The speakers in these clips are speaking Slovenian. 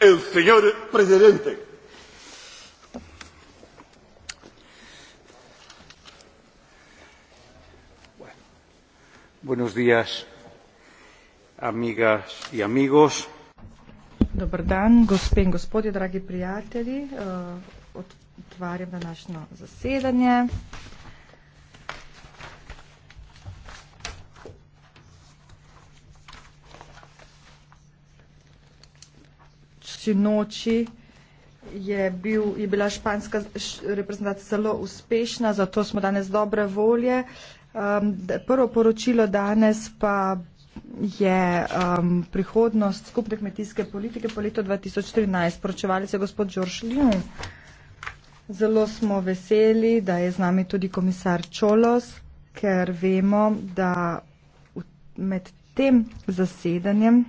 el señor presidente. Buenos días, amigas y amigos. Dobar dan, gospe in gospodje, dragi prijatelji. Uh, otvarjam današnje zasedanje. Uh, tisti noči je, bil, je bila španska reprezentacija zelo uspešna, zato smo danes dobre volje. Um, prvo poročilo danes pa je um, prihodnost skupne kmetijske politike po letu 2013. Poročevali se gospod George Liu. Zelo smo veseli, da je z nami tudi komisar Čolos, ker vemo, da med tem zasedanjem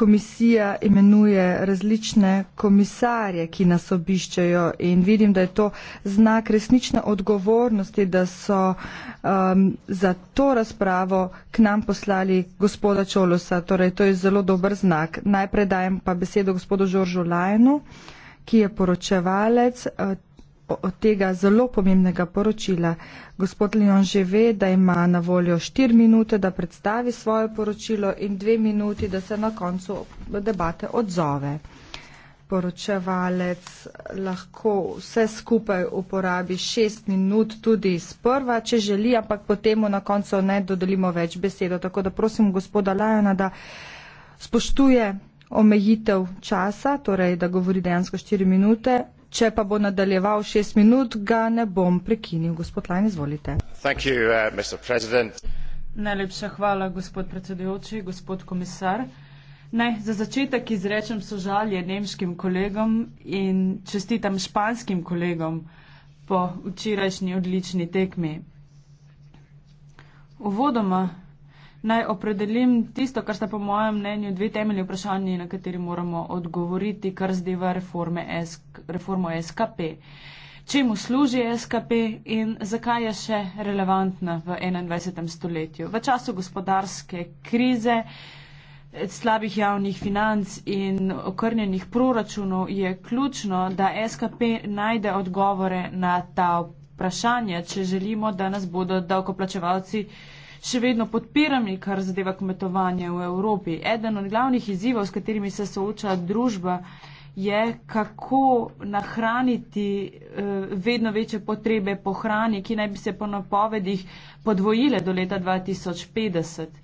komisija imenuje različne komisarje, ki nas obiščajo in vidim, da je to znak resnične odgovornosti, da so um, za to razpravo k nam poslali gospoda Čolosa. Torej, to je zelo dober znak. Najprej dajem pa besedo gospodu Žoržu Lajnu, ki je poročevalec. Uh, od tega zelo pomembnega poročila. Gospod Leon že ve, da ima na voljo 4 minute, da predstavi svoje poročilo in 2 minuti, da se na koncu debate odzove. Poročevalec lahko vse skupaj uporabi 6 minut tudi sprva, če želi, ampak potem na koncu ne dodelimo več besedo. Tako da prosim gospoda Lajona, da spoštuje omejitev časa, torej da govori dejansko 4 minute, Če pa bo nadaljeval šest minut, ga ne bom prekinil. Gospod Lajn, izvolite. You, uh, Najlepša hvala, gospod predsedujoči, gospod komisar. Naj za začetek izrečem sožalje nemškim kolegom in čestitam španskim kolegom po včerajšnji odlični tekmi. Uvodoma naj opredelim tisto, kar sta po mojem mnenju dve temeljni vprašanji, na kateri moramo odgovoriti, kar zdeva reformo SKP. Čemu služi SKP in zakaj je še relevantna v 21. stoletju? V času gospodarske krize, slabih javnih financ in okrnjenih proračunov je ključno, da SKP najde odgovore na ta vprašanja, če želimo, da nas bodo davkoplačevalci še vedno podpirami, kar zadeva kmetovanje v Evropi. Eden od glavnih izzivov, s katerimi se sooča družba, je, kako nahraniti uh, vedno večje potrebe po hrani, ki naj bi se po napovedih podvojile do leta 2050.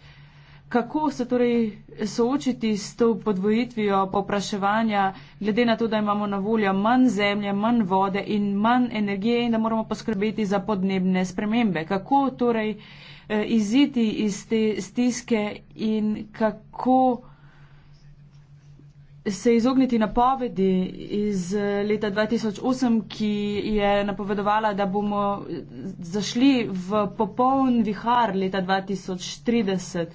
Kako se torej soočiti s to podvojitvijo popraševanja, glede na to, da imamo na voljo manj zemlje, manj vode in manj energije in da moramo poskrbeti za podnebne spremembe? Kako torej uh, Eh, iziti iz te stiske in kako se izogniti napovedi iz eh, leta 2008, ki je napovedovala, da bomo eh, zašli v popoln vihar leta 2030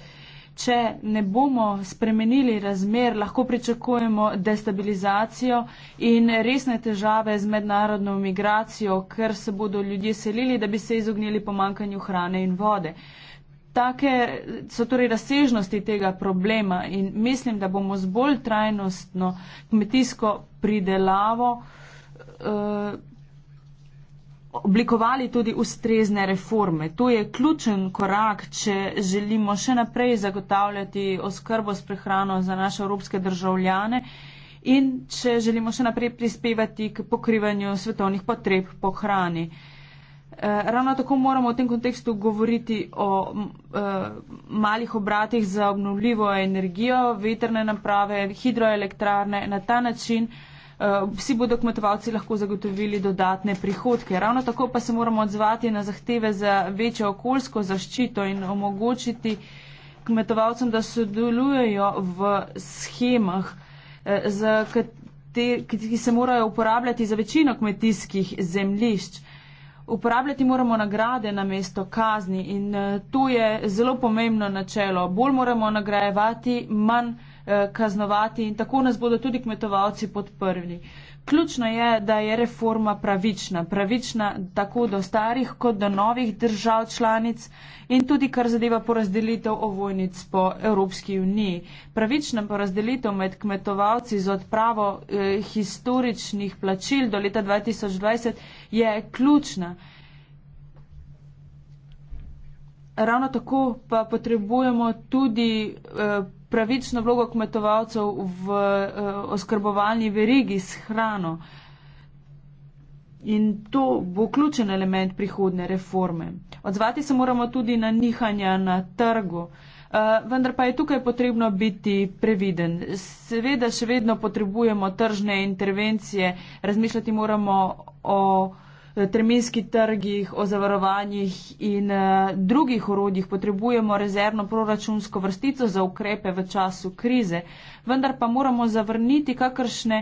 če ne bomo spremenili razmer, lahko pričakujemo destabilizacijo in resne težave z mednarodno migracijo, ker se bodo ljudje selili, da bi se izognili pomankanju hrane in vode. Take so torej razsežnosti tega problema in mislim, da bomo z bolj trajnostno kmetijsko pridelavo uh, oblikovali tudi ustrezne reforme. To je ključen korak, če želimo še naprej zagotavljati oskrbo s prehrano za naše evropske državljane in če želimo še naprej prispevati k pokrivanju svetovnih potreb po hrani. Eh, ravno tako moramo v tem kontekstu govoriti o eh, malih obratih za obnovljivo energijo, veterne naprave, hidroelektrarne. Na ta način Eh, vsi bodo kmetovalci lahko zagotovili dodatne prihodke. Ravno tako pa se moramo odzvati na zahteve za večjo okoljsko zaščito in omogočiti kmetovalcem, da sodelujejo v schemah, eh, ki se morajo uporabljati za večino kmetijskih zemlišč. Uporabljati moramo nagrade na mesto kazni in eh, to je zelo pomembno načelo. Bolj moramo nagrajevati, manj. Eh, kaznovati in tako nas bodo tudi kmetovalci podprli. Ključno je, da je reforma pravična. Pravična tako do starih kot do novih držav članic in tudi kar zadeva porazdelitev ovojnic po Evropski uniji. Pravična porazdelitev med kmetovalci z odpravo eh, historičnih plačil do leta 2020 je ključna. Ravno tako pa potrebujemo tudi eh, pravično vlogo kmetovalcev v uh, eh, oskrbovalni verigi s hrano. In to bo ključen element prihodne reforme. Odzvati se moramo tudi na nihanja na trgu. Eh, vendar pa je tukaj potrebno biti previden. Seveda še vedno potrebujemo tržne intervencije, razmišljati moramo o Eh, terminskih trgih, o zavarovanjih in eh, drugih orodjih potrebujemo rezervno proračunsko vrstico za ukrepe v času krize, vendar pa moramo zavrniti kakršne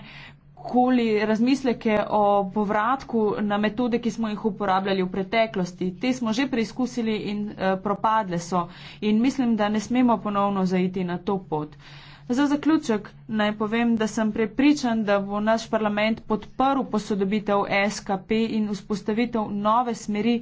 koli razmisleke o povratku na metode, ki smo jih uporabljali v preteklosti. Te smo že preizkusili in eh, propadle so in mislim, da ne smemo ponovno zaiti na to pot. Za zaključek naj povem, da sem prepričan, da bo naš parlament podprl posodobitev SKP in vzpostavitev nove smeri,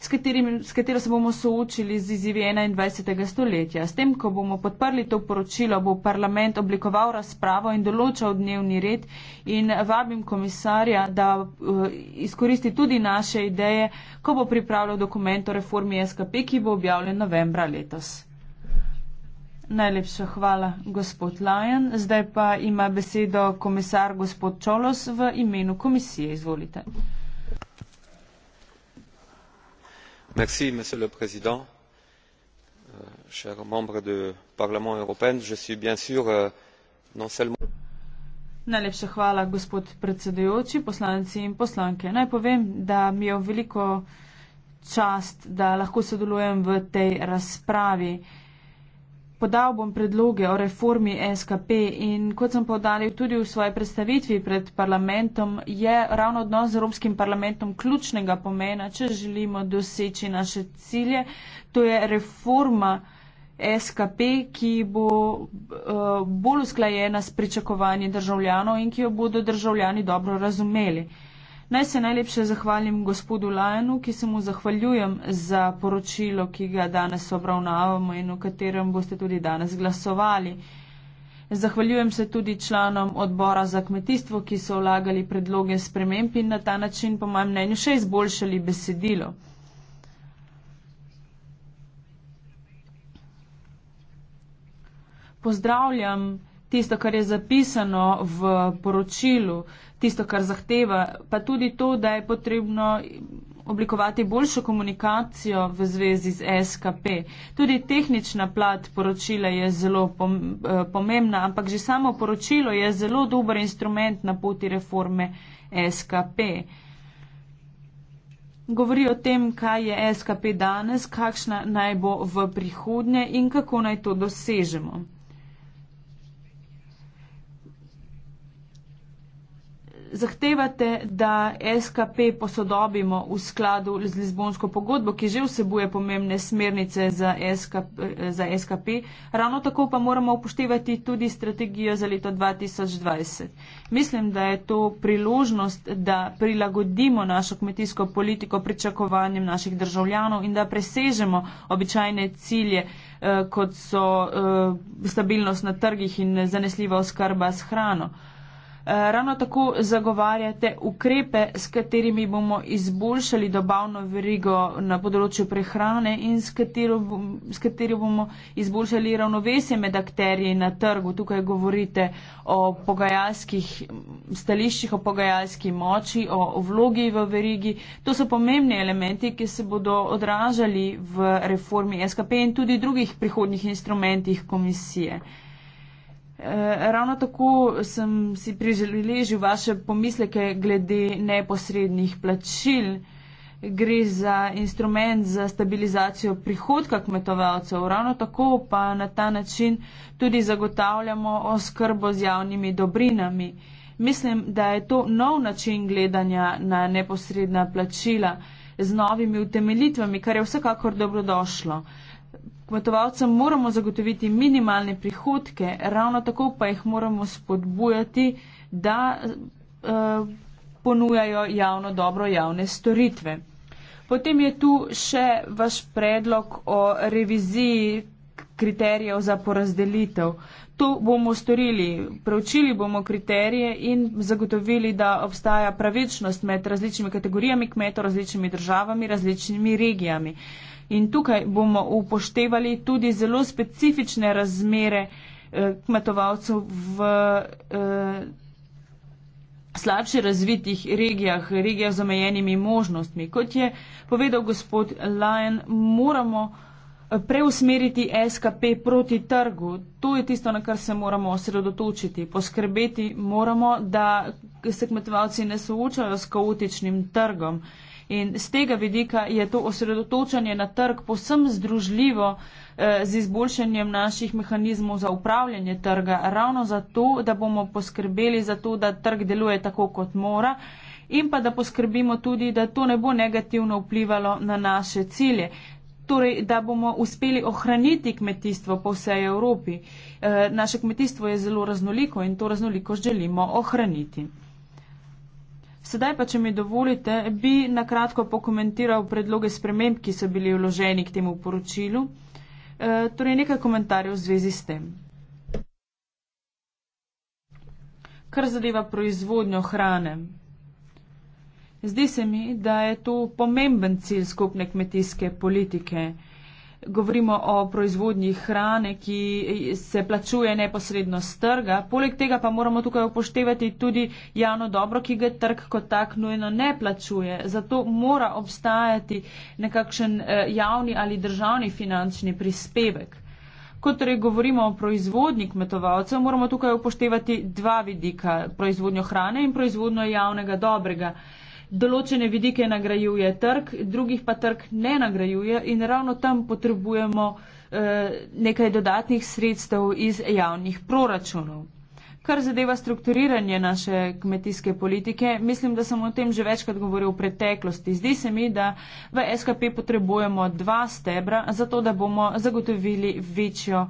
s, katerim, s katero se bomo soočili z izzivi 21. stoletja. S tem, ko bomo podprli to poročilo, bo parlament oblikoval razpravo in določal dnevni red in vabim komisarja, da eh, izkoristi tudi naše ideje, ko bo pripravljal dokument o reformi SKP, ki bo objavljen novembra letos. Najlepša hvala, gospod Lajen. Zdaj pa ima besedo komisar gospod Čolos v imenu komisije. Izvolite. Merci, monsieur le président. Euh, chers membres du Parlement européen, je suis bien sûr euh, non seulement. Najlepša hvala, gospod predsedujoči, poslanci in poslanke. Naj povem, da mi je v veliko čast, da lahko sodelujem v tej razpravi. Podal bom predloge o reformi SKP in kot sem povdaril tudi v svoji predstavitvi pred parlamentom, je ravno odnos z Evropskim parlamentom ključnega pomena, če želimo doseči naše cilje. To je reforma SKP, ki bo eh, bolj usklajena s pričakovanji državljanov in ki jo bodo državljani dobro razumeli. Naj se najlepše zahvalim gospodu Lajanu, ki se mu zahvaljujem za poročilo, ki ga danes obravnavamo in o katerem boste tudi danes glasovali. Zahvaljujem se tudi članom odbora za kmetijstvo, ki so vlagali predloge sprememb in na ta način, po mojem mnenju, še izboljšali besedilo. Pozdravljam tisto, kar je zapisano v poročilu, tisto, kar zahteva, pa tudi to, da je potrebno oblikovati boljšo komunikacijo v zvezi z SKP. Tudi tehnična plat poročila je zelo eh, pomembna, ampak že samo poročilo je zelo dober instrument na poti reforme SKP. Govori o tem, kaj je SKP danes, kakšna naj bo v prihodnje in kako naj to dosežemo. zahtevate, da SKP posodobimo v skladu z Lizbonsko pogodbo, ki že vsebuje pomembne smernice za SKP, eh, za SKP. Ravno tako pa moramo upoštevati tudi strategijo za leto 2020. Mislim, da je to priložnost, da prilagodimo našo kmetijsko politiko pričakovanjem naših državljanov in da presežemo običajne cilje eh, kot so uh, stabilnost na trgih in zanesljiva oskrba s hrano. Uh, Ravno tako zagovarjate ukrepe, s katerimi bomo izboljšali dobavno verigo na področju prehrane in s katero, s katero bomo izboljšali ravnovesje med akterji na trgu. Tukaj govorite o pogajalskih stališčih, o pogajalski moči, o, o vlogi v verigi. To so pomembni elementi, ki se bodo odražali v reformi SKP in tudi drugih prihodnjih instrumentih komisije. Eh, ravno tako sem si priželežil vaše pomisleke glede neposrednih plačil. Gre za instrument za stabilizacijo prihodka kmetovalcev, ravno tako pa na ta način tudi zagotavljamo oskrbo z javnimi dobrinami. Mislim, da je to nov način gledanja na neposredna plačila z novimi utemelitvami, kar je vsekakor dobrodošlo. Kmetovalcem moramo zagotoviti minimalne prihodke, ravno tako pa jih moramo spodbujati, da eh, ponujajo javno dobro javne storitve. Potem je tu še vaš predlog o reviziji kriterijev za porazdelitev. To bomo storili, preučili bomo kriterije in zagotovili, da obstaja pravičnost med različnimi kategorijami kmetov, različnimi državami, različnimi regijami. In tukaj bomo upoštevali tudi zelo specifične razmere eh, kmetovalcev v eh, slabše razvitih regijah, regijah z omejenimi možnostmi. Kot je povedal gospod Lajen, moramo. Eh, preusmeriti SKP proti trgu. To je tisto, na kar se moramo osredotočiti. Poskrbeti moramo, da se kmetovalci ne soočajo s kaotičnim trgom. In z tega vidika je to osredotočanje na trg posem združljivo eh, z izboljšanjem naših mehanizmov za upravljanje trga, ravno zato, da bomo poskrbeli za to, da trg deluje tako, kot mora. In pa da poskrbimo tudi, da to ne bo negativno vplivalo na naše cilje torej, da bomo uspeli ohraniti kmetijstvo po vsej Evropi. Eh, naše kmetijstvo je zelo raznoliko in to raznoliko želimo ohraniti. Sedaj pa, če mi dovolite, bi nakratko pokomentiral predloge sprememb, ki so bili vloženi k temu poročilu. Eh, torej, nekaj komentarjev v zvezi s tem. Kar zadeva proizvodnjo hrane, Zdi se mi, da je to pomemben cilj skupne kmetijske politike. Govorimo o proizvodnji hrane, ki se plačuje neposredno z trga. Poleg tega pa moramo tukaj upoštevati tudi javno dobro, ki ga trg kot tak nujno ne plačuje. Zato mora obstajati nekakšen eh, javni ali državni finančni prispevek. Ko torej govorimo o proizvodnji kmetovalcev, moramo tukaj upoštevati dva vidika. Proizvodnjo hrane in proizvodnjo javnega dobrega določene vidike nagrajuje trg, drugih pa trg ne nagrajuje in ravno tam potrebujemo eh, nekaj dodatnih sredstev iz javnih proračunov. Kar zadeva strukturiranje naše kmetijske politike, mislim, da sem o tem že večkrat govoril v preteklosti. Zdi se mi, da v SKP potrebujemo dva stebra, zato da bomo zagotovili večjo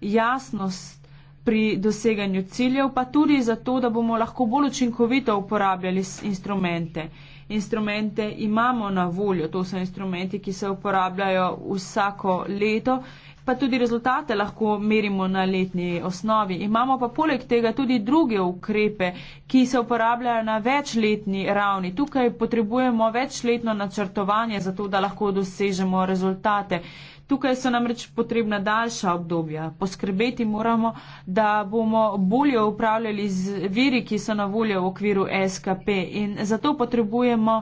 jasnost pri doseganju ciljev, pa tudi zato, da bomo lahko bolj učinkovito uporabljali instrumente. Instrumente imamo na voljo, to so instrumenti, ki se uporabljajo vsako leto, pa tudi rezultate lahko merimo na letni osnovi. Imamo pa poleg tega tudi druge ukrepe, ki se uporabljajo na večletni ravni. Tukaj potrebujemo večletno načrtovanje, zato da lahko dosežemo rezultate. Tukaj so namreč potrebna daljša obdobja. Poskrbeti moramo, da bomo bolje upravljali z viri, ki so na voljo v okviru SKP in zato potrebujemo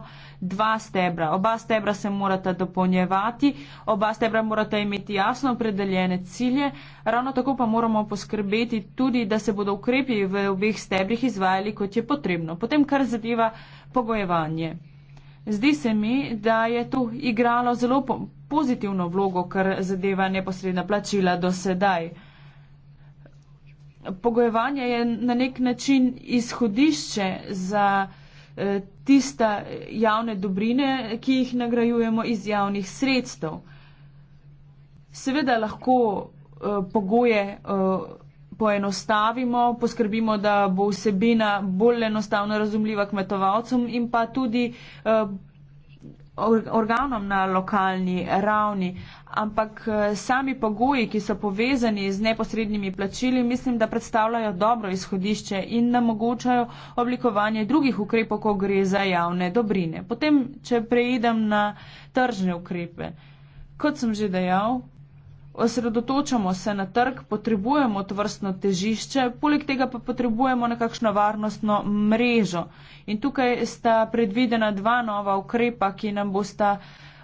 dva stebra. Oba stebra se morata dopolnjevati, oba stebra morata imeti jasno opredeljene cilje, ravno tako pa moramo poskrbeti tudi, da se bodo ukrepi v obeh stebrih izvajali, kot je potrebno. Potem, kar zadeva pogojevanje. Zdi se mi, da je tu igralo zelo pomembno pozitivno vlogo, kar zadeva neposredna plačila do sedaj. Pogojevanje je na nek način izhodišče za eh, tista javne dobrine, ki jih nagrajujemo iz javnih sredstev. Seveda lahko eh, pogoje eh, poenostavimo, poskrbimo, da bo vsebina bolj enostavno razumljiva kmetovalcem in pa tudi organom na lokalni ravni, ampak eh, sami pogoji, ki so povezani z neposrednimi plačili, mislim, da predstavljajo dobro izhodišče in namogočajo oblikovanje drugih ukrepov, ko gre za javne dobrine. Potem, če preidem na tržne ukrepe. Kot sem že dejal, osredotočamo se na trg, potrebujemo tvrstno težišče, poleg tega pa potrebujemo nekakšno varnostno mrežo. In tukaj sta predvidena dva nova ukrepa, ki nam bosta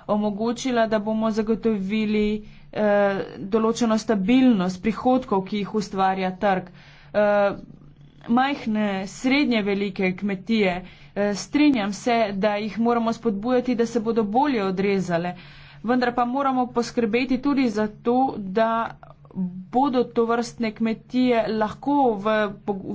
omogočila, da bomo zagotovili eh, določeno stabilnost prihodkov, ki jih ustvarja trg. Eh, majhne, srednje velike kmetije, eh, strinjam se, da jih moramo spodbujati, da se bodo bolje odrezale. Eh, vendar pa moramo poskrbeti tudi za to, da bodo to vrstne kmetije lahko v,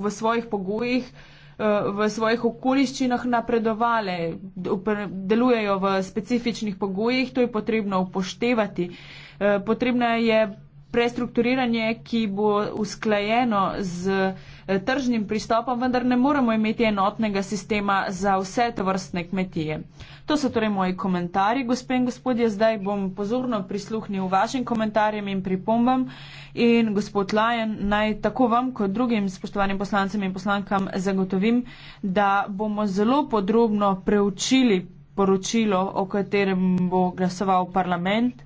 v svojih pogojih, eh, v svojih okoliščinah napredovale, delujejo v specifičnih pogojih, to je potrebno upoštevati. Eh, potrebno je prestrukturiranje, ki bo usklajeno z eh, tržnim pristopom, vendar ne moremo imeti enotnega sistema za vse to vrstne kmetije. To so torej moji komentarji, gospe in gospodje. Zdaj bom pozorno prisluhnil vašim komentarjem in pripombam. In gospod Lajen, naj tako vam kot drugim spoštovanim poslancem in poslankam zagotovim, da bomo zelo podrobno preučili poročilo, o katerem bo glasoval parlament.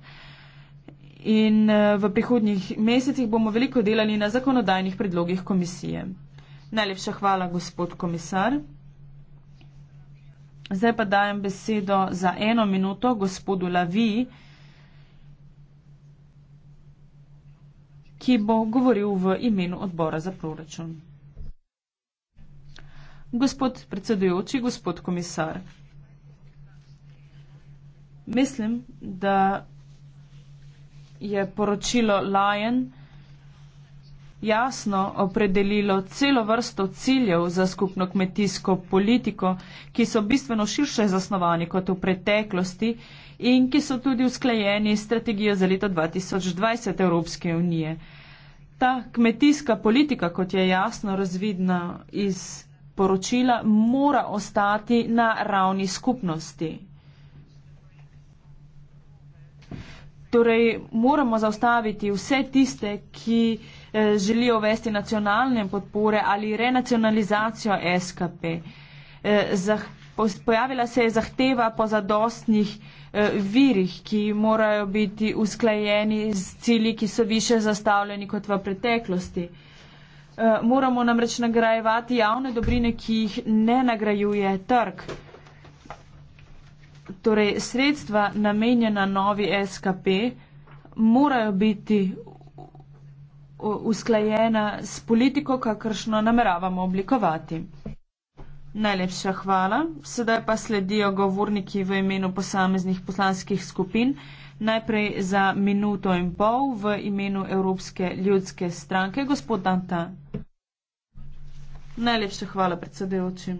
In eh, v prihodnjih mesecih bomo veliko delali na zakonodajnih predlogih komisije. Najlepša hvala, gospod komisar. Zdaj pa dajem besedo za eno minuto gospodu Lavi, ki bo govoril v imenu odbora za proračun. Gospod predsedujoči, gospod komisar, mislim, da je poročilo Lajen jasno opredelilo celo vrsto ciljev za skupno kmetijsko politiko, ki so bistveno širše zasnovani kot v preteklosti in ki so tudi usklajeni s strategijo za leto 2020 Evropske unije. Ta kmetijska politika, kot je jasno razvidna iz poročila, mora ostati na ravni skupnosti. Torej, moramo zaustaviti vse tiste, ki Eh, želijo vesti nacionalne podpore ali renacionalizacijo SKP. Eh, pojavila se je zahteva po zadostnih eh, virih, ki morajo biti usklajeni z cilji, ki so više zastavljeni kot v preteklosti. Moramo namreč nagrajevati javne dobrine, ki jih ne nagrajuje trg. Torej, sredstva namenjena novi SKP morajo biti usklajena s politiko, kakršno nameravamo oblikovati. Najlepša hvala. Sedaj pa sledijo govorniki v imenu posameznih poslanskih skupin. Najprej za minuto in pol v imenu Evropske ljudske stranke, gospod Danta. Najlepša hvala, predsedujoči.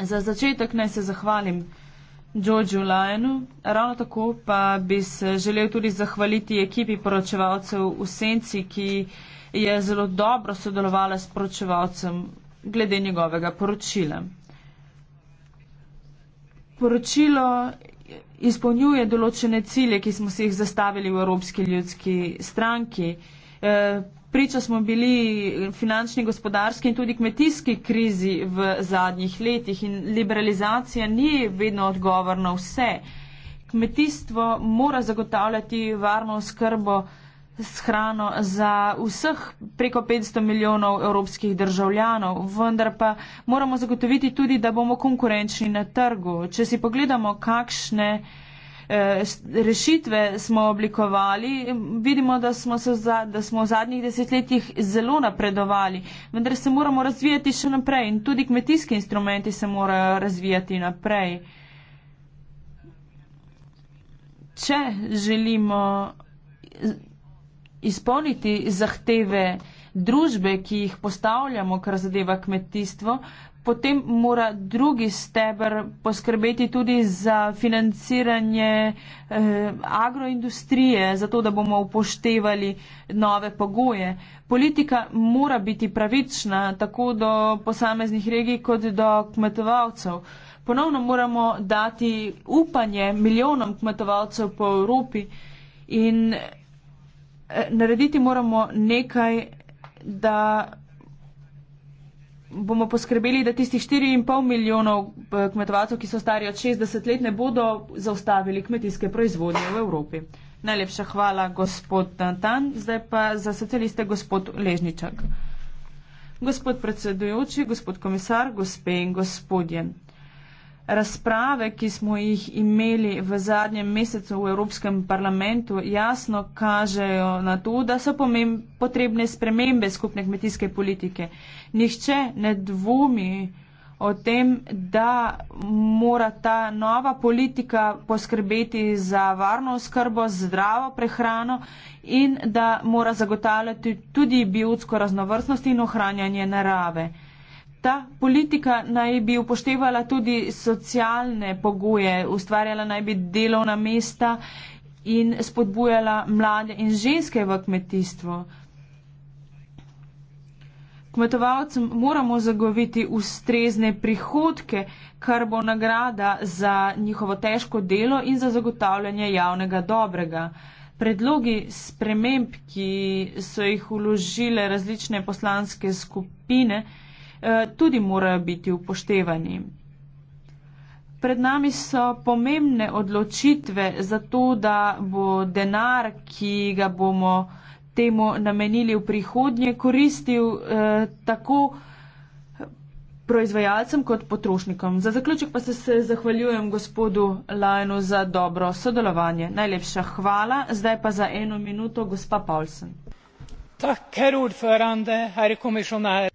Za začetek naj se zahvalim. Georgeu Lajnu. Ravno tako pa bi se želel tudi zahvaliti ekipi poročevalcev v Senci, ki je zelo dobro sodelovala s poročevalcem glede njegovega poročila. Poročilo izpolnjuje določene cilje, ki smo si jih zastavili v Evropski ljudski stranki. Eh, priča smo bili finančni, gospodarski in tudi kmetijski krizi v zadnjih letih in liberalizacija ni vedno odgovor na vse. Kmetijstvo mora zagotavljati varno skrbo s hrano za vseh preko 500 milijonov evropskih državljanov, vendar pa moramo zagotoviti tudi, da bomo konkurenčni na trgu. Če si pogledamo, kakšne Eh, rešitve smo oblikovali, vidimo, da smo, se, da smo v zadnjih desetletjih zelo napredovali, vendar se moramo razvijati še naprej in tudi kmetijski instrumenti se morajo razvijati naprej. Če želimo izpolniti zahteve družbe, ki jih postavljamo, kar zadeva kmetijstvo, potem mora drugi stebr poskrbeti tudi za financiranje eh, agroindustrije, zato da bomo upoštevali nove pogoje. Politika mora biti pravična tako do posameznih regij kot do kmetovalcev. Ponovno moramo dati upanje milijonom kmetovalcev po Evropi in eh, narediti moramo nekaj, da bomo poskrbeli, da tistih 4,5 milijonov eh, kmetovacov, ki so stari od 60 let, ne bodo zaustavili kmetijske proizvodnje v Evropi. Najlepša hvala, gospod Dantan. Zdaj pa za socialiste, gospod Ležničak. Gospod predsedujoči, gospod komisar, gospe in gospodje razprave, ki smo jih imeli v zadnjem mesecu v Evropskem parlamentu, jasno kažejo na to, da so potrebne spremembe skupne kmetijske politike. Nihče ne dvomi o tem, da mora ta nova politika poskrbeti za varno oskrbo, zdravo prehrano in da mora zagotavljati tudi biotsko raznovrstnost in ohranjanje narave. Ta politika naj bi upoštevala tudi socialne pogoje, ustvarjala naj bi delovna mesta in spodbujala mlade in ženske v kmetijstvo. Kmetovalcem moramo zagoviti ustrezne prihodke, kar bo nagrada za njihovo težko delo in za zagotavljanje javnega dobrega. Predlogi sprememb, ki so jih uložile različne poslanske skupine, Eh, tudi morajo biti upoštevani. Pred nami so pomembne odločitve za to, da bo denar, ki ga bomo temu namenili v prihodnje, koristil eh, tako proizvajalcem kot potrošnikom. Za zaključek pa se, se zahvaljujem gospodu Lajnu za dobro sodelovanje. Najlepša hvala. Zdaj pa za eno minuto gospa Paulsen.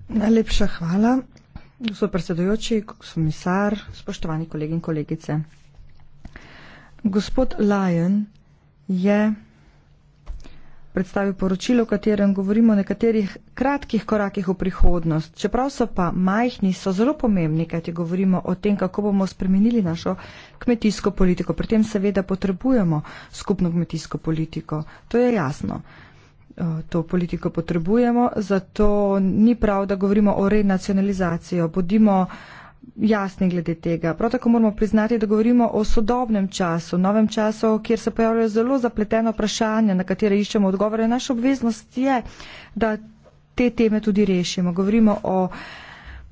Najlepša hvala, gospod predsedujoči, komisar, spoštovani kolegi in kolegice. Gospod Lajen je predstavil poročilo, v katerem govorimo o nekaterih kratkih korakih v prihodnost. Čeprav so pa majhni, so zelo pomembni, kajti govorimo o tem, kako bomo spremenili našo kmetijsko politiko. Pri tem seveda potrebujemo skupno kmetijsko politiko. To je jasno. Eh, to politiko potrebujemo, zato ni prav, da govorimo o renacionalizaciji. Bodimo jasni glede tega. Prav tako moramo priznati, da govorimo o sodobnem času, novem času, kjer se pojavljajo zelo zapletena vprašanja, na katere iščemo odgovore. Naša obveznost je, da te teme tudi rešimo. Govorimo o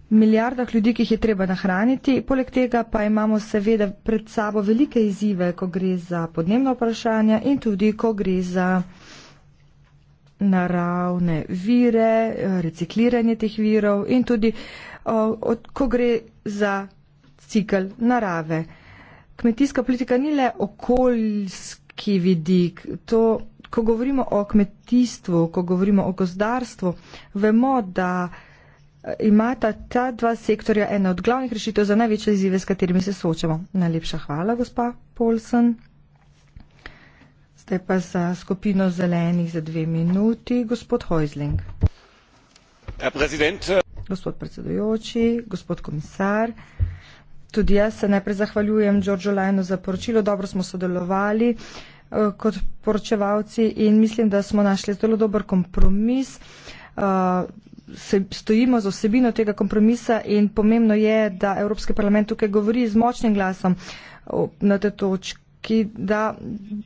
milijardah ljudi, ki jih je treba nahraniti. Poleg tega pa imamo seveda pred sabo velike izzive, ko gre za podnebno vprašanje in tudi, ko gre za naravne vire, eh, recikliranje teh virov in tudi, ko gre za cikl narave. Kmetijska politika ni le okoljski vidik. To, ko govorimo o kmetijstvu, ko govorimo o gozdarstvu, vemo, da eh, imata ta dva sektorja ena od glavnih rešitev za največje izzive, s katerimi se soočamo. Najlepša hvala, gospa Polsen. Zdaj pa za skupino zelenih za dve minuti, gospod Hojzling. Herr Präsident. Gospod predsedujoči, gospod komisar. Tudi jaz se najprej zahvaljujem Đorđu Lajnu za poročilo, dobro smo sodelovali eh, kot poročevalci in mislim, da smo našli zelo dober kompromis. Eh, stojimo za osebino tega kompromisa in pomembno je, da Evropski parlament tukaj govori z močnim glasom na te točke ki da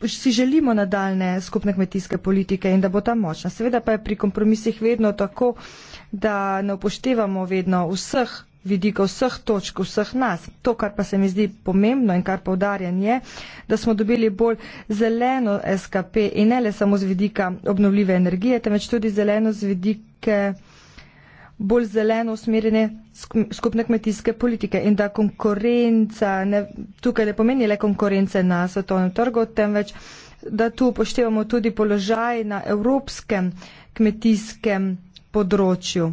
si želimo nadaljne skupne kmetijske politike in da bo ta močna. Seveda pa je pri kompromisih vedno tako, da ne upoštevamo vedno vseh vidika vseh točk, vseh nas. To, kar pa se mi zdi pomembno in kar povdarjen je, da smo dobili bolj zeleno SKP in ne le samo z vidika obnovljive energije, temveč tudi zeleno z vidike bolj zeleno usmerjene skupne kmetijske politike in da konkurenca ne, tukaj ne pomeni le konkurence na svetovnem trgu, temveč da tu upoštevamo tudi položaj na evropskem kmetijskem področju.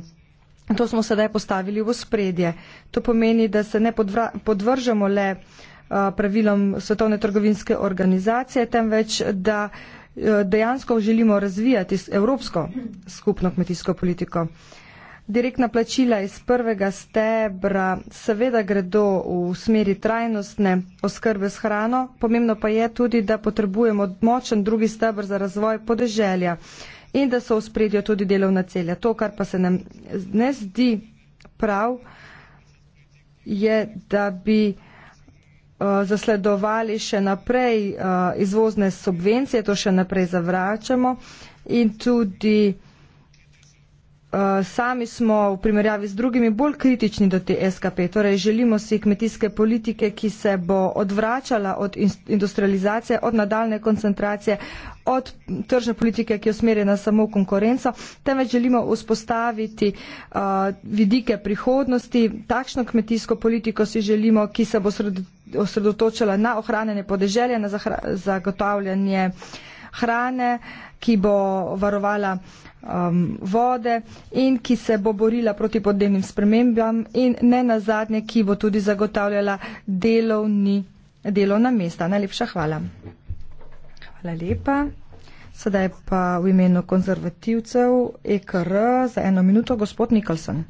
To smo sedaj postavili v spredje. To pomeni, da se ne podvra, podvržamo le eh, pravilom svetovne trgovinske organizacije, temveč da eh, dejansko želimo razvijati evropsko skupno kmetijsko politiko. Direktna plačila iz prvega stebra seveda gredo v smeri trajnostne oskrbe s hrano, pomembno pa je tudi, da potrebujemo močen drugi stebr za razvoj podeželja in da so v spredju tudi delovna celja. To, kar pa se nam ne zdi prav, je, da bi eh, zasledovali še naprej eh, izvozne subvencije, to še naprej zavračamo in tudi Eh, sami smo v primerjavi z drugimi bolj kritični do te SKP, torej želimo si kmetijske politike, ki se bo odvračala od industrializacije, od nadaljne koncentracije, od tržne politike, ki je usmerjena samo v konkurenco, temveč želimo vzpostaviti uh, vidike prihodnosti, takšno kmetijsko politiko si želimo, ki se bo osredotočala na ohranjanje podeželja, na zagotavljanje uh, hrane, ki bo varovala um, vode in ki se bo borila proti podnebnim spremembam in ne nazadnje, ki bo tudi zagotavljala delovni, delovna mesta. Najlepša hvala. Hvala lepa. Sedaj pa v imenu konzervativcev EKR za eno minuto gospod Nikolson.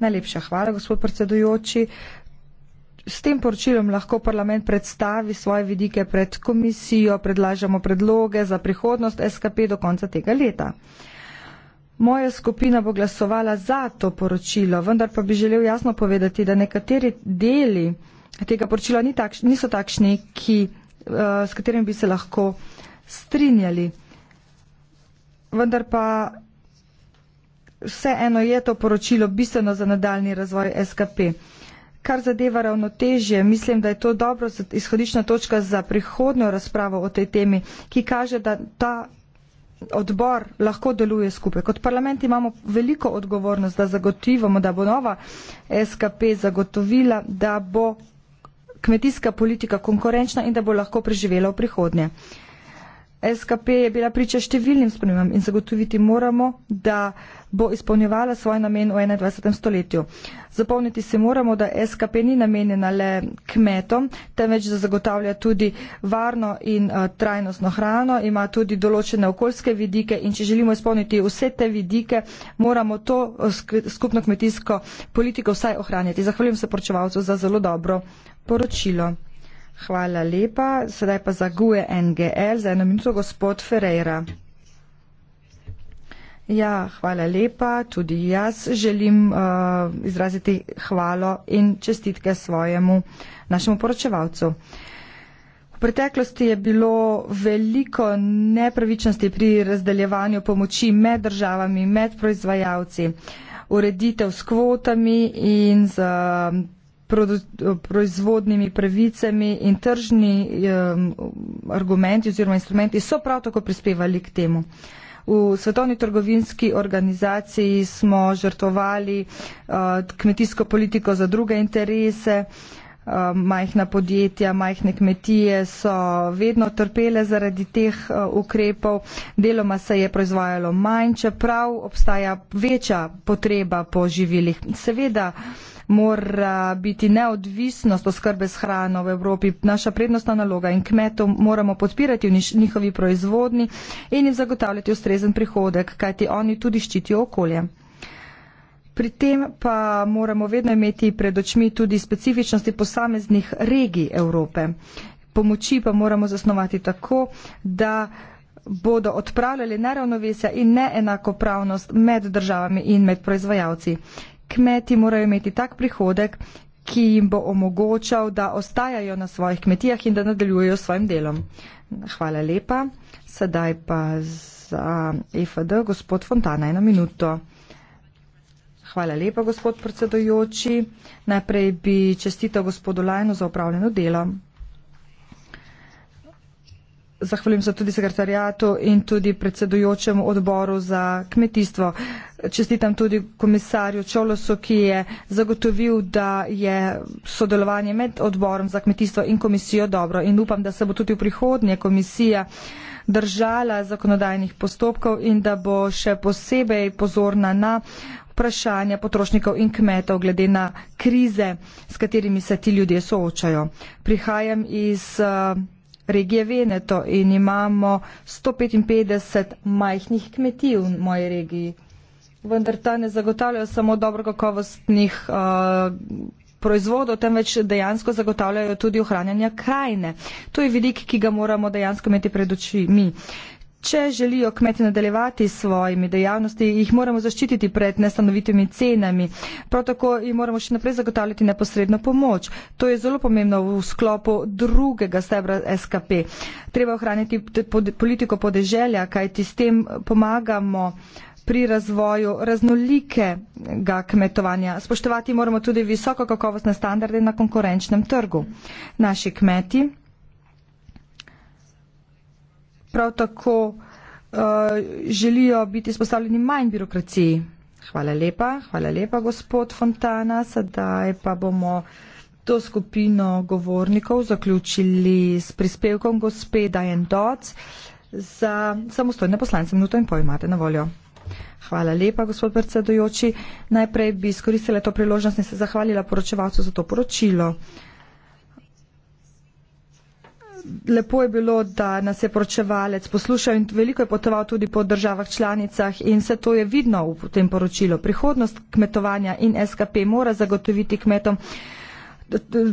Najlepša hvala, gospod predsedujoči. Uh, s tem poročilom lahko parlament predstavi svoje vidike pred komisijo, predlažamo predloge za prihodnost SKP do konca tega leta. Moja skupina bo glasovala za to poročilo, vendar pa bi želel jasno povedati, da nekateri deli tega poročila ni takš, niso takšni, ki, uh, s katerimi bi se lahko strinjali. Vendar pa vseeno je to poročilo bistveno za nadaljni razvoj SKP. Kar zadeva ravnotežje, mislim, da je to dobro izhodična točka za prihodno razpravo o tej temi, ki kaže, da ta odbor lahko deluje skupaj. Kot parlament imamo veliko odgovornost, da zagotivamo, da bo nova SKP zagotovila, da bo kmetijska politika konkurenčna in da bo lahko preživela v prihodnje. SKP je bila priča številnim spremembam in zagotoviti moramo, da bo izpolnjevala svoj namen v 21. stoletju. Zapomniti se moramo, da SKP ni namenjena le kmetom, temveč da zagotavlja tudi varno in uh, trajnostno hrano, ima tudi določene okoljske vidike in če želimo izpolniti vse te vidike, moramo to eh, skupno kmetijsko politiko vsaj ohranjati. Zahvaljujem se poročevalcu za zelo dobro poročilo. Hvala lepa. Sedaj pa za GUE NGL, za eno minuto gospod Ferreira. Ja, hvala lepa. Tudi jaz želim uh, izraziti hvalo in čestitke svojemu našemu poročevalcu. V preteklosti je bilo veliko nepravičnosti pri razdeljevanju pomoči med državami, med proizvajalci, ureditev s kvotami in z. Uh, proizvodnimi pravicami in tržni um, argumenti oziroma instrumenti so prav tako prispevali k temu. V svetovni trgovinski organizaciji smo žrtovali uh, eh, kmetijsko politiko za druge interese, uh, majhna podjetja, majhne kmetije so vedno trpele zaradi teh uh, ukrepov, deloma se je proizvajalo manj, čeprav obstaja večja potreba po živilih. Seveda, uh, mora biti neodvisnost oskrbe s hrano v Evropi naša prednostna naloga in kmetom moramo podpirati v njihovi proizvodni in jim zagotavljati ustrezen prihodek, kajti oni tudi ščitijo okolje. Pri tem pa moramo vedno imeti pred očmi tudi specifičnosti posameznih regij Evrope. Pomoči pa moramo zasnovati tako, da bodo odpravljali neravnovesja in neenakopravnost med državami in med proizvajalci kmeti morajo imeti tak prihodek, ki jim bo omogočal, da ostajajo na svojih kmetijah in da nadaljujejo s svojim delom. Hvala lepa. Sedaj pa za EFD gospod Fontana, eno minuto. Hvala lepa, gospod predsedojoči. Najprej bi čestitev gospodu Lajnu za upravljeno delo. Zahvaljujem se tudi sekretarjatu in tudi predsedujočemu odboru za kmetijstvo. Čestitam tudi komisarju Čolosu, ki je zagotovil, da je sodelovanje med odborom za kmetijstvo in komisijo dobro in upam, da se bo tudi v prihodnje komisija držala zakonodajnih postopkov in da bo še posebej pozorna na vprašanja potrošnikov in kmetov glede na krize, s katerimi se ti ljudje soočajo. Prihajam iz uh, regije Veneto in imamo 155 majhnih kmetij v moji regiji. Vendar ta ne zagotavljajo samo dobro kakovostnih uh, proizvodov, temveč dejansko zagotavljajo tudi ohranjanje krajine. To je vidik, ki ga moramo dejansko imeti pred očmi. Če želijo kmeti nadaljevati s svojimi dejavnosti, jih moramo zaščititi pred nestanovitimi cenami. Prav tako jim moramo še naprej zagotavljati neposredno pomoč. To je zelo pomembno v sklopu drugega stebra SKP. Treba ohraniti politiko podeželja, kajti s tem pomagamo pri razvoju raznolikega kmetovanja. Spoštovati moramo tudi visoko kakovostne standarde na konkurenčnem trgu. Naši kmeti prav tako uh, želijo biti izpostavljeni manj birokraciji. Hvala lepa, hvala lepa, gospod Fontana. Sedaj pa bomo to skupino govornikov zaključili s prispevkom gospe Dajen Doc za samostojne poslance. Minuto in pol imate na voljo. Hvala lepa, gospod predsedujoči. Najprej bi izkoristila to priložnost in se zahvalila poročevalcu za to poročilo. Uh, Lepo je bilo, da nas je poročevalec poslušal in veliko je potoval tudi po državah članicah in vse to je vidno v tem poročilu. Prihodnost kmetovanja in SKP mora zagotoviti kmetom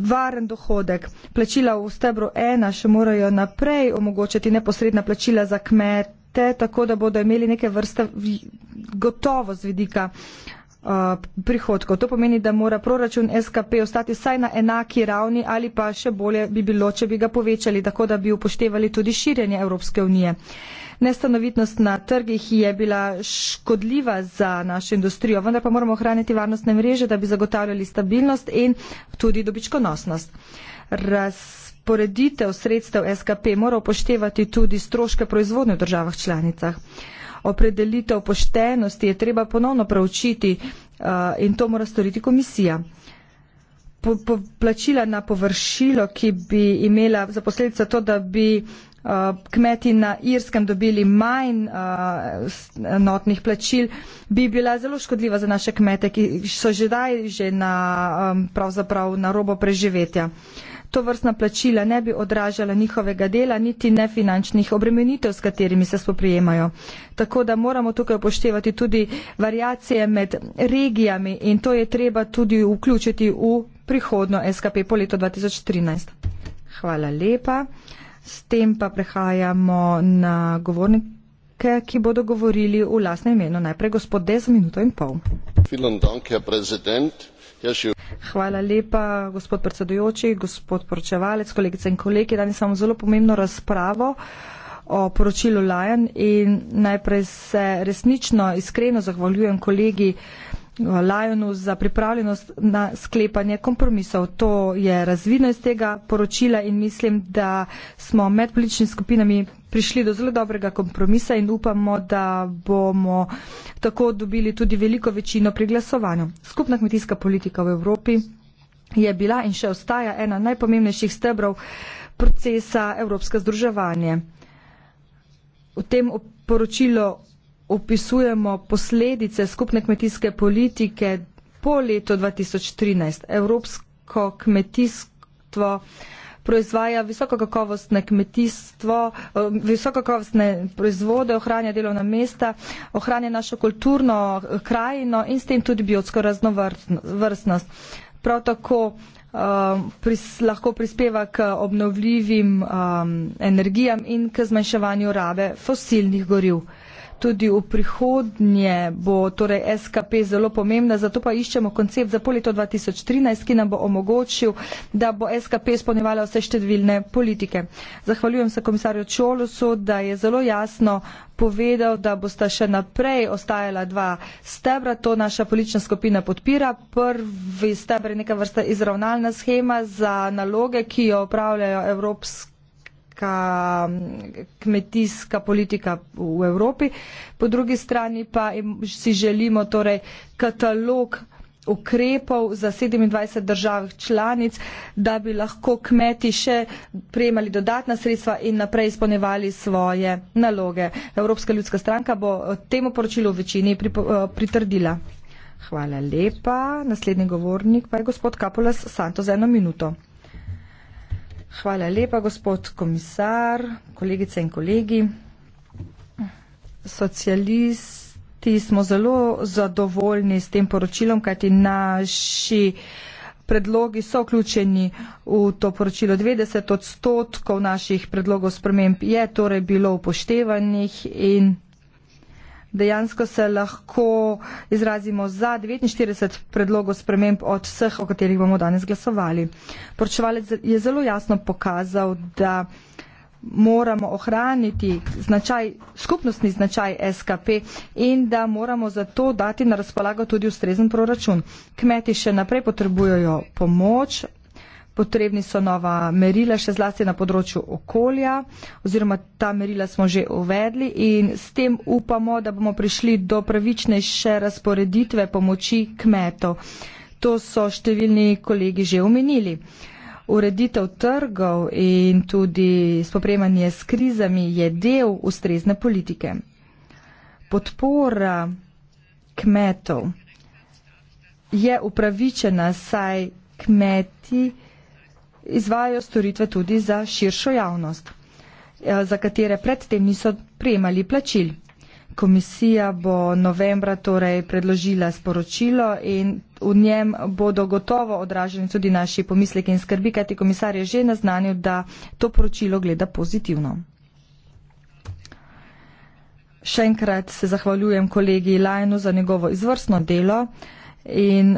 varen dohodek. Plačila v stebru 1 še morajo naprej omogočati neposredna plačila za kmete, tako da bodo imeli neke vrste gotovo z vidika. Eh, prihodkov. To pomeni, da mora proračun SKP ostati vsaj na enaki ravni ali pa še bolje bi bilo, če bi ga povečali, tako da bi upoštevali tudi širjenje Evropske unije. Nestanovitnost na trgih je bila škodljiva za našo industrijo, vendar pa moramo ohraniti varnostne mreže, da bi zagotavljali stabilnost in tudi dobičkonosnost. Razporeditev sredstev SKP mora upoštevati tudi stroške proizvodnje v državah članicah opredelitev poštenosti je treba ponovno preučiti uh, in to mora storiti komisija. Po, po, plačila na površilo, ki bi imela za posledica to, da bi uh, kmeti na Irskem dobili manj uh, notnih plačil, bi bila zelo škodljiva za naše kmete, ki so že daj že na, um, na robo preživetja. To vrstna plačila ne bi odražala njihovega dela, niti ne finančnih obremenitev, s katerimi se spoprijemajo. Tako da moramo tukaj upoštevati tudi variacije med regijami in to je treba tudi vključiti v prihodno SKP po letu 2013. Hvala lepa. S tem pa prehajamo na govornike, ki bodo govorili v lasnem imenu. Najprej gospod 10 minuto in pol. Dank, Hvala lepa, gospod predsedujoči, gospod poročevalec, kolegice in kolegi. Danes imamo zelo pomembno razpravo o poročilu Lajan in najprej se resnično, iskreno zahvaljujem kolegi, Lajonu za pripravljenost na sklepanje kompromisov. To je razvidno iz tega poročila in mislim, da smo med političnimi skupinami prišli do zelo dobrega kompromisa in upamo, da bomo tako dobili tudi veliko večino pri glasovanju. Skupna kmetijska politika v Evropi je bila in še ostaja ena najpomembnejših stebrov procesa evropske združevanje. V tem poročilu opisujemo posledice skupne kmetijske politike po letu 2013. Evropsko kmetijstvo proizvaja visokokakovostne kmetijstvo, eh, visokokakovostne proizvode, ohranja delovna mesta, ohranja našo kulturno krajino in s tem tudi biotsko raznovrstnost. Prav tako um, pris, lahko prispeva k obnovljivim um, energijam in k zmanjševanju rabe fosilnih goriv tudi v prihodnje bo torej SKP zelo pomembna, zato pa iščemo koncept za poleto 2013, ki nam bo omogočil, da bo SKP spolnevala vse številne politike. Zahvaljujem se komisarju Čolusu, da je zelo jasno povedal, da bosta še naprej ostajala dva stebra, to naša politična skupina podpira. Prvi stebr je neka vrsta izravnalna schema za naloge, ki jo upravljajo evropske neka kmetijska politika v Evropi. Po drugi strani pa si želimo torej katalog ukrepov za 27 držav članic, da bi lahko kmeti še prejemali dodatna sredstva in naprej izpolnevali svoje naloge. Evropska ljudska stranka bo temu poročilu v večini eh, pritrdila. Hvala lepa. Naslednji govornik pa je gospod Kapolas Santo za eno minuto. Hvala lepa, gospod komisar, kolegice in kolegi. Socialisti smo zelo zadovoljni s tem poročilom, kajti naši predlogi so vključeni v to poročilo. 90 odstotkov naših predlogov sprememb je torej bilo upoštevanih in dejansko se lahko izrazimo za 49 predlogov sprememb od vseh, o katerih bomo danes glasovali. Poročevalec je zelo jasno pokazal, da moramo ohraniti značaj, skupnostni značaj SKP in da moramo za to dati na razpolago tudi ustrezen proračun. Kmeti še naprej potrebujejo pomoč, Potrebni so nova merila, še zlasti na področju okolja, oziroma ta merila smo že uvedli in s tem upamo, da bomo prišli do pravičnejše razporeditve pomoči kmetov. To so številni kolegi že omenili. Ureditev trgov in tudi spopremanje s krizami je del ustrezne politike. Podpora kmetov je upravičena, saj kmeti izvajajo storitve tudi za širšo javnost, eh, za katere predtem niso prejemali plačil. Komisija bo novembra torej predložila sporočilo in v njem bodo gotovo odraženi tudi naši pomisleki in skrbi, kajti komisar je že naznanil, da to poročilo gleda pozitivno. Še enkrat se zahvaljujem kolegi Lajnu za njegovo izvrstno delo. In uh,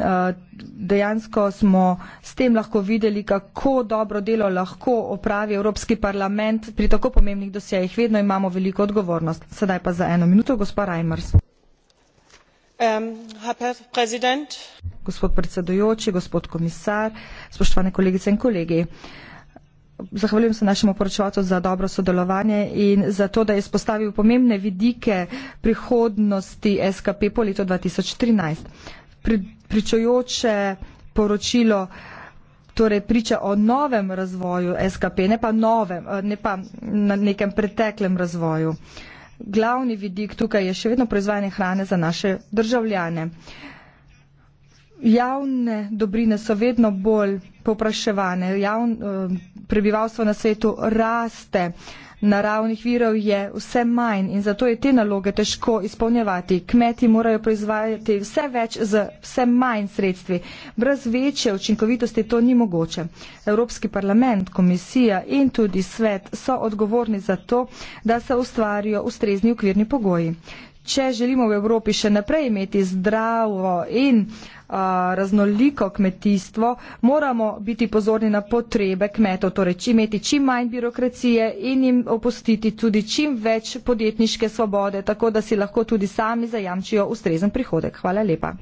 dejansko smo s tem lahko videli, kako dobro delo lahko opravi Evropski parlament pri tako pomembnih dosjejih. Vedno imamo veliko odgovornost. Sedaj pa za eno minuto, gospod Reimers. Um, gospod predsedujoči, gospod komisar, spoštovane kolegice in kolegi. Zahvaljujem se našemu poročevalcu za dobro sodelovanje in za to, da je izpostavil pomembne vidike prihodnosti SKP po letu 2013 pri, pričojoče poročilo torej priča o novem razvoju SKP, ne pa, novem, eh, ne pa na nekem preteklem razvoju. Glavni vidik tukaj je še vedno proizvajanje hrane za naše državljane. Uh, Javne dobrine so vedno bolj popraševane, Javn, eh, prebivalstvo na svetu raste, naravnih virov je vse manj in zato je te naloge težko izpolnjevati. Kmeti morajo proizvajati vse več z vse manj sredstvi. Brez večje učinkovitosti to ni mogoče. Evropski parlament, komisija in tudi svet so odgovorni za to, da se ustvarijo ustrezni ukvirni pogoji. Če želimo v Evropi še naprej imeti zdravo in uh, raznoliko kmetijstvo, moramo biti pozorni na potrebe kmetov, torej imeti čim manj birokracije in jim opustiti tudi čim več podjetniške svobode, tako da si lahko tudi sami zajamčijo ustrezen prihodek. Hvala lepa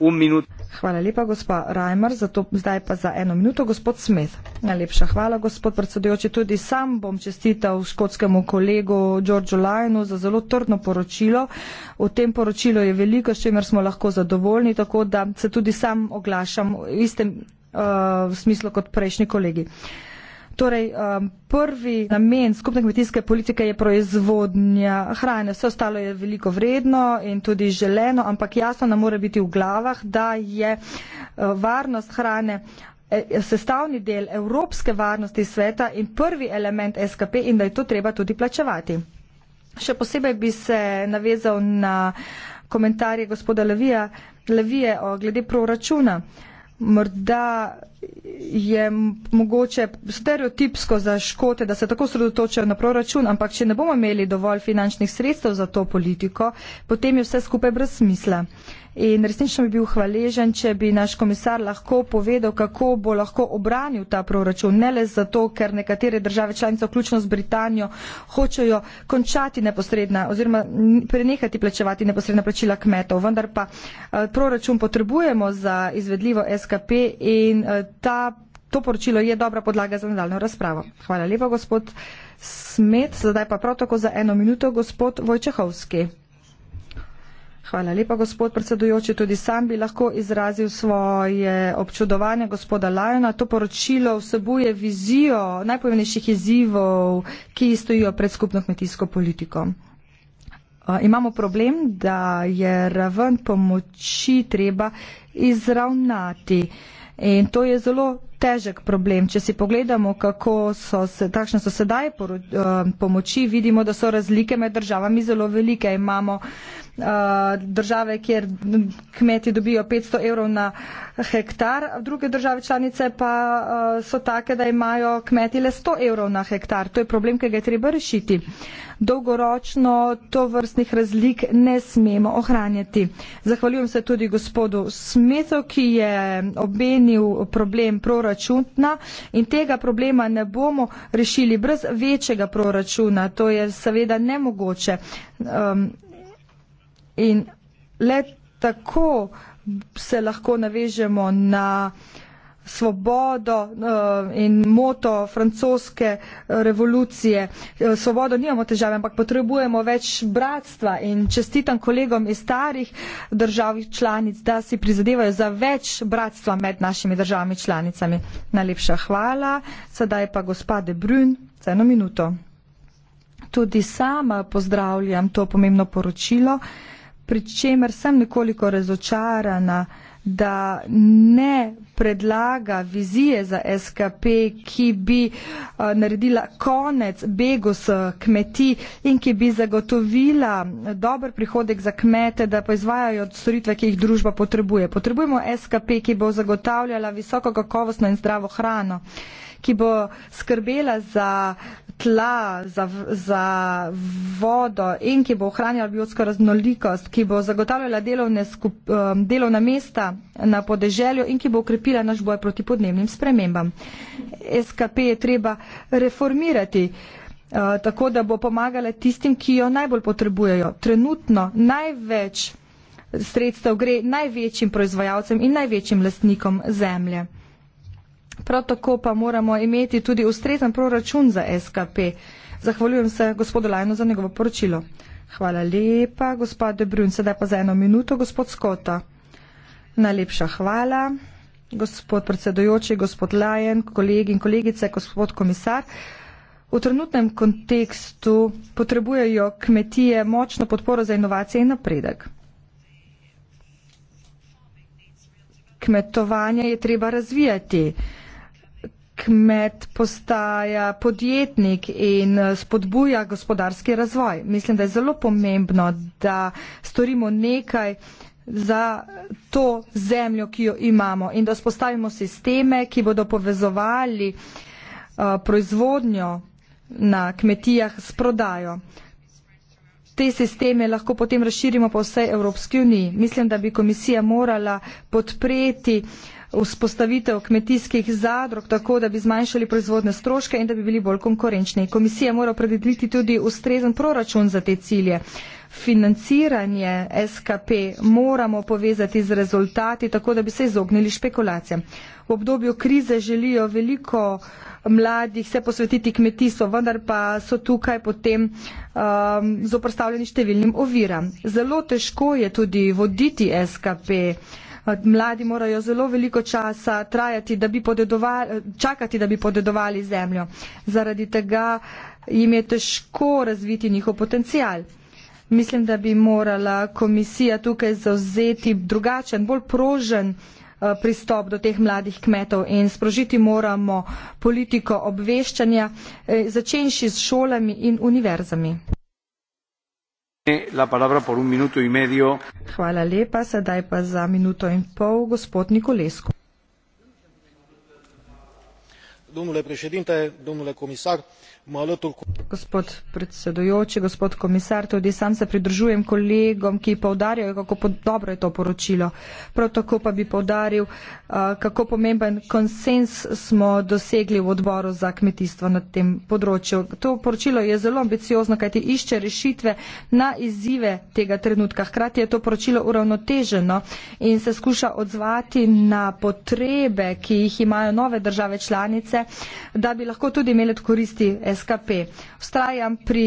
um minut. Hvala lepa, gospa Reimer, za to zdaj pa za eno minuto. Gospod Smith, najlepša hvala, gospod predsedujoči. Tudi sam bom čestital škotskemu kolegu Georgeu Lyonu za zelo trdno poročilo. V tem poročilu je veliko, s čimer smo lahko zadovoljni, tako da se tudi sam oglašam v istem uh, smislu kot prejšnji kolegi. Uh, Torej, um, prvi namen skupne kmetijske politike je proizvodnja hrane. Vse ostalo je veliko vredno in tudi želeno, ampak jasno nam mora biti v glavah, da je uh, varnost hrane e, sestavni del evropske varnosti sveta in prvi element SKP in da je to treba tudi plačevati. Še posebej bi se navezal na komentarje gospoda Levija, Levije o glede proračuna. Uh, morda je mogoče stereotipsko za škote, da se tako sredotočajo na proračun, ampak če ne bomo imeli dovolj finančnih sredstev za to politiko, potem je vse skupaj brez smisla. In resnično bi bil hvaležen, če bi naš komisar lahko povedal, kako bo lahko obranil ta proračun. Ne le zato, ker nekatere države članice, vključno s Britanijo, hočejo končati neposredna oziroma prenehati plačevati neposredna plačila kmetov. Vendar pa eh, proračun potrebujemo za izvedljivo SKP in eh, ta, to poročilo je dobra podlaga za nadaljno razpravo. Hvala lepa, gospod Smet. Zdaj pa prav tako za eno minuto, gospod Vojčehovski. Hvala lepa, gospod predsedujoči. Tudi sam bi lahko izrazil svoje občudovanje gospoda Lajona. To poročilo vsebuje vizijo najpomembnejših izzivov, ki stojijo pred skupno kmetijsko politiko. Imamo problem, da je raven pomoči treba izravnati. In to je zelo težek problem. Če si pogledamo, kako so se, takšne so sedaj pomoči, vidimo, da so razlike med državami zelo velike. Imamo države, kjer kmeti dobijo 500 evrov na hektar, druge države članice pa so take, da imajo kmeti le 100 evrov na hektar. To je problem, ki ga je treba rešiti. Dolgoročno to vrstnih razlik ne smemo ohranjati. Zahvaljujem se tudi gospodu Smetu, ki je obenil problem proračuna in tega problema ne bomo rešili brez večjega proračuna. To je seveda nemogoče. Um, In le tako se lahko navežemo na svobodo eh, in moto francoske eh, revolucije. Eh, svobodo nimamo težave, ampak potrebujemo več bratstva in čestitam kolegom iz starih držav članic, da si prizadevajo za več bratstva med našimi državami članicami. Najlepša hvala. Sedaj pa gospode Brun, za eno minuto. Tudi sama pozdravljam to pomembno poročilo pri čemer sem nekoliko razočarana, da ne predlaga vizije za SKP, ki bi uh, naredila konec begu s kmeti in ki bi zagotovila dober prihodek za kmete, da pa izvajajo storitve, ki jih družba potrebuje. Potrebujemo SKP, ki bo zagotavljala visoko kakovostno in zdravo hrano. Uh, ki bo skrbela za tla, za, za vodo in ki bo ohranjala biotsko raznolikost, ki bo zagotavljala skup, um, delovna mesta na podeželju in ki bo ukrepila naš boj proti podnebnim spremembam. SKP je treba reformirati. Uh, tako, da bo pomagala tistim, ki jo najbolj potrebujejo. Trenutno največ sredstev gre največjim proizvajalcem in največjim lastnikom zemlje. Prav tako pa moramo imeti tudi ustrezen proračun za SKP. Zahvaljujem se gospodu Lajnu za njegovo poročilo. Hvala lepa, gospod Debrun. Sedaj pa za eno minuto, gospod Skota. Najlepša hvala, gospod predsedojoči, gospod Lajen, kolegi in kolegice, gospod komisar. V trenutnem kontekstu potrebujejo kmetije močno podporo za inovacije in napredek. Kmetovanje je treba razvijati kmet postaja podjetnik in eh, spodbuja gospodarski razvoj. Mislim, da je zelo pomembno, da storimo nekaj za to zemljo, ki jo imamo in da spostavimo sisteme, ki bodo povezovali eh, proizvodnjo na kmetijah s prodajo. Te sisteme lahko potem razširimo po vsej Evropski uniji. Mislim, da bi komisija morala podpreti uh, vzpostavitev kmetijskih zadrug, tako da bi zmanjšali proizvodne stroške in da bi bili bolj konkurenčni. Komisija mora predvideti tudi ustrezen proračun za te cilje. Financiranje SKP moramo povezati z rezultati, tako da bi se izognili špekulacijam. V obdobju krize želijo veliko mladih se posvetiti kmetijstvo, vendar pa so tukaj potem um, zoprstavljeni številnim oviram. Zelo težko je tudi voditi SKP. Uh, Eh, mladi morajo zelo veliko časa trajati, da bi čakati, da bi podedovali zemljo. Zaradi tega jim je težko razviti njihov potencial. Mislim, da bi morala komisija tukaj zauzeti drugačen, bolj prožen eh, pristop do teh mladih kmetov in sprožiti moramo politiko obveščanja, eh, začenši s šolami in univerzami. Hvala lepa, sedaj pa za minuto in pol gospod Nikolesko domnule președinte domnule comisar mă alătur gospod predsedujoči gospod komisar tudi sam se pridružujem kolegom ki poudarjajo kako dobro je to poročilo prav tako pa bi poudaril eh, kako pomemben konsenz smo dosegli v odboru za kmetijstvo na tem področju to poročilo je zelo ambiciozno kajti išče rešitve na izzive tega trenutka hkrati je to poročilo uravnoteženo in se skuša odzvati na potrebe ki jih imajo nove države članice da bi lahko tudi imeli od koristi SKP. Vstrajam pri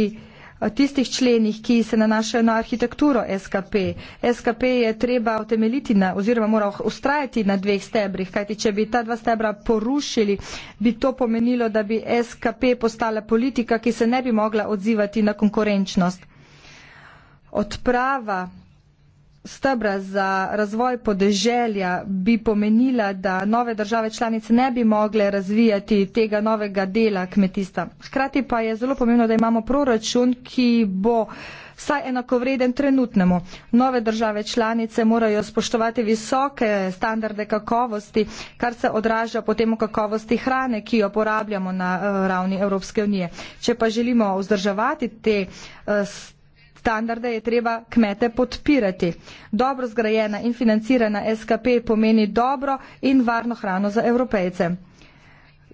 eh, tistih členih, ki se nanašajo na arhitekturo SKP. SKP je treba utemeliti na, oziroma mora ustrajati na dveh stebrih, kajti če bi ta dva stebra porušili, bi to pomenilo, da bi SKP postala politika, ki se ne bi mogla odzivati na konkurenčnost. Odprava stebra za razvoj podeželja bi pomenila, da nove države članice ne bi mogle razvijati tega novega dela kmetista. Hkrati pa je zelo pomembno, da imamo proračun, ki bo vsaj enakovreden trenutnemu. Nove države članice morajo spoštovati visoke standarde kakovosti, kar se odraža potem v kakovosti hrane, ki jo porabljamo na eh, ravni Evropske unije. Če pa želimo vzdrževati te standarde, eh, standarde je treba kmete podpirati. Dobro zgrajena in financirana SKP pomeni dobro in varno hrano za evropejce.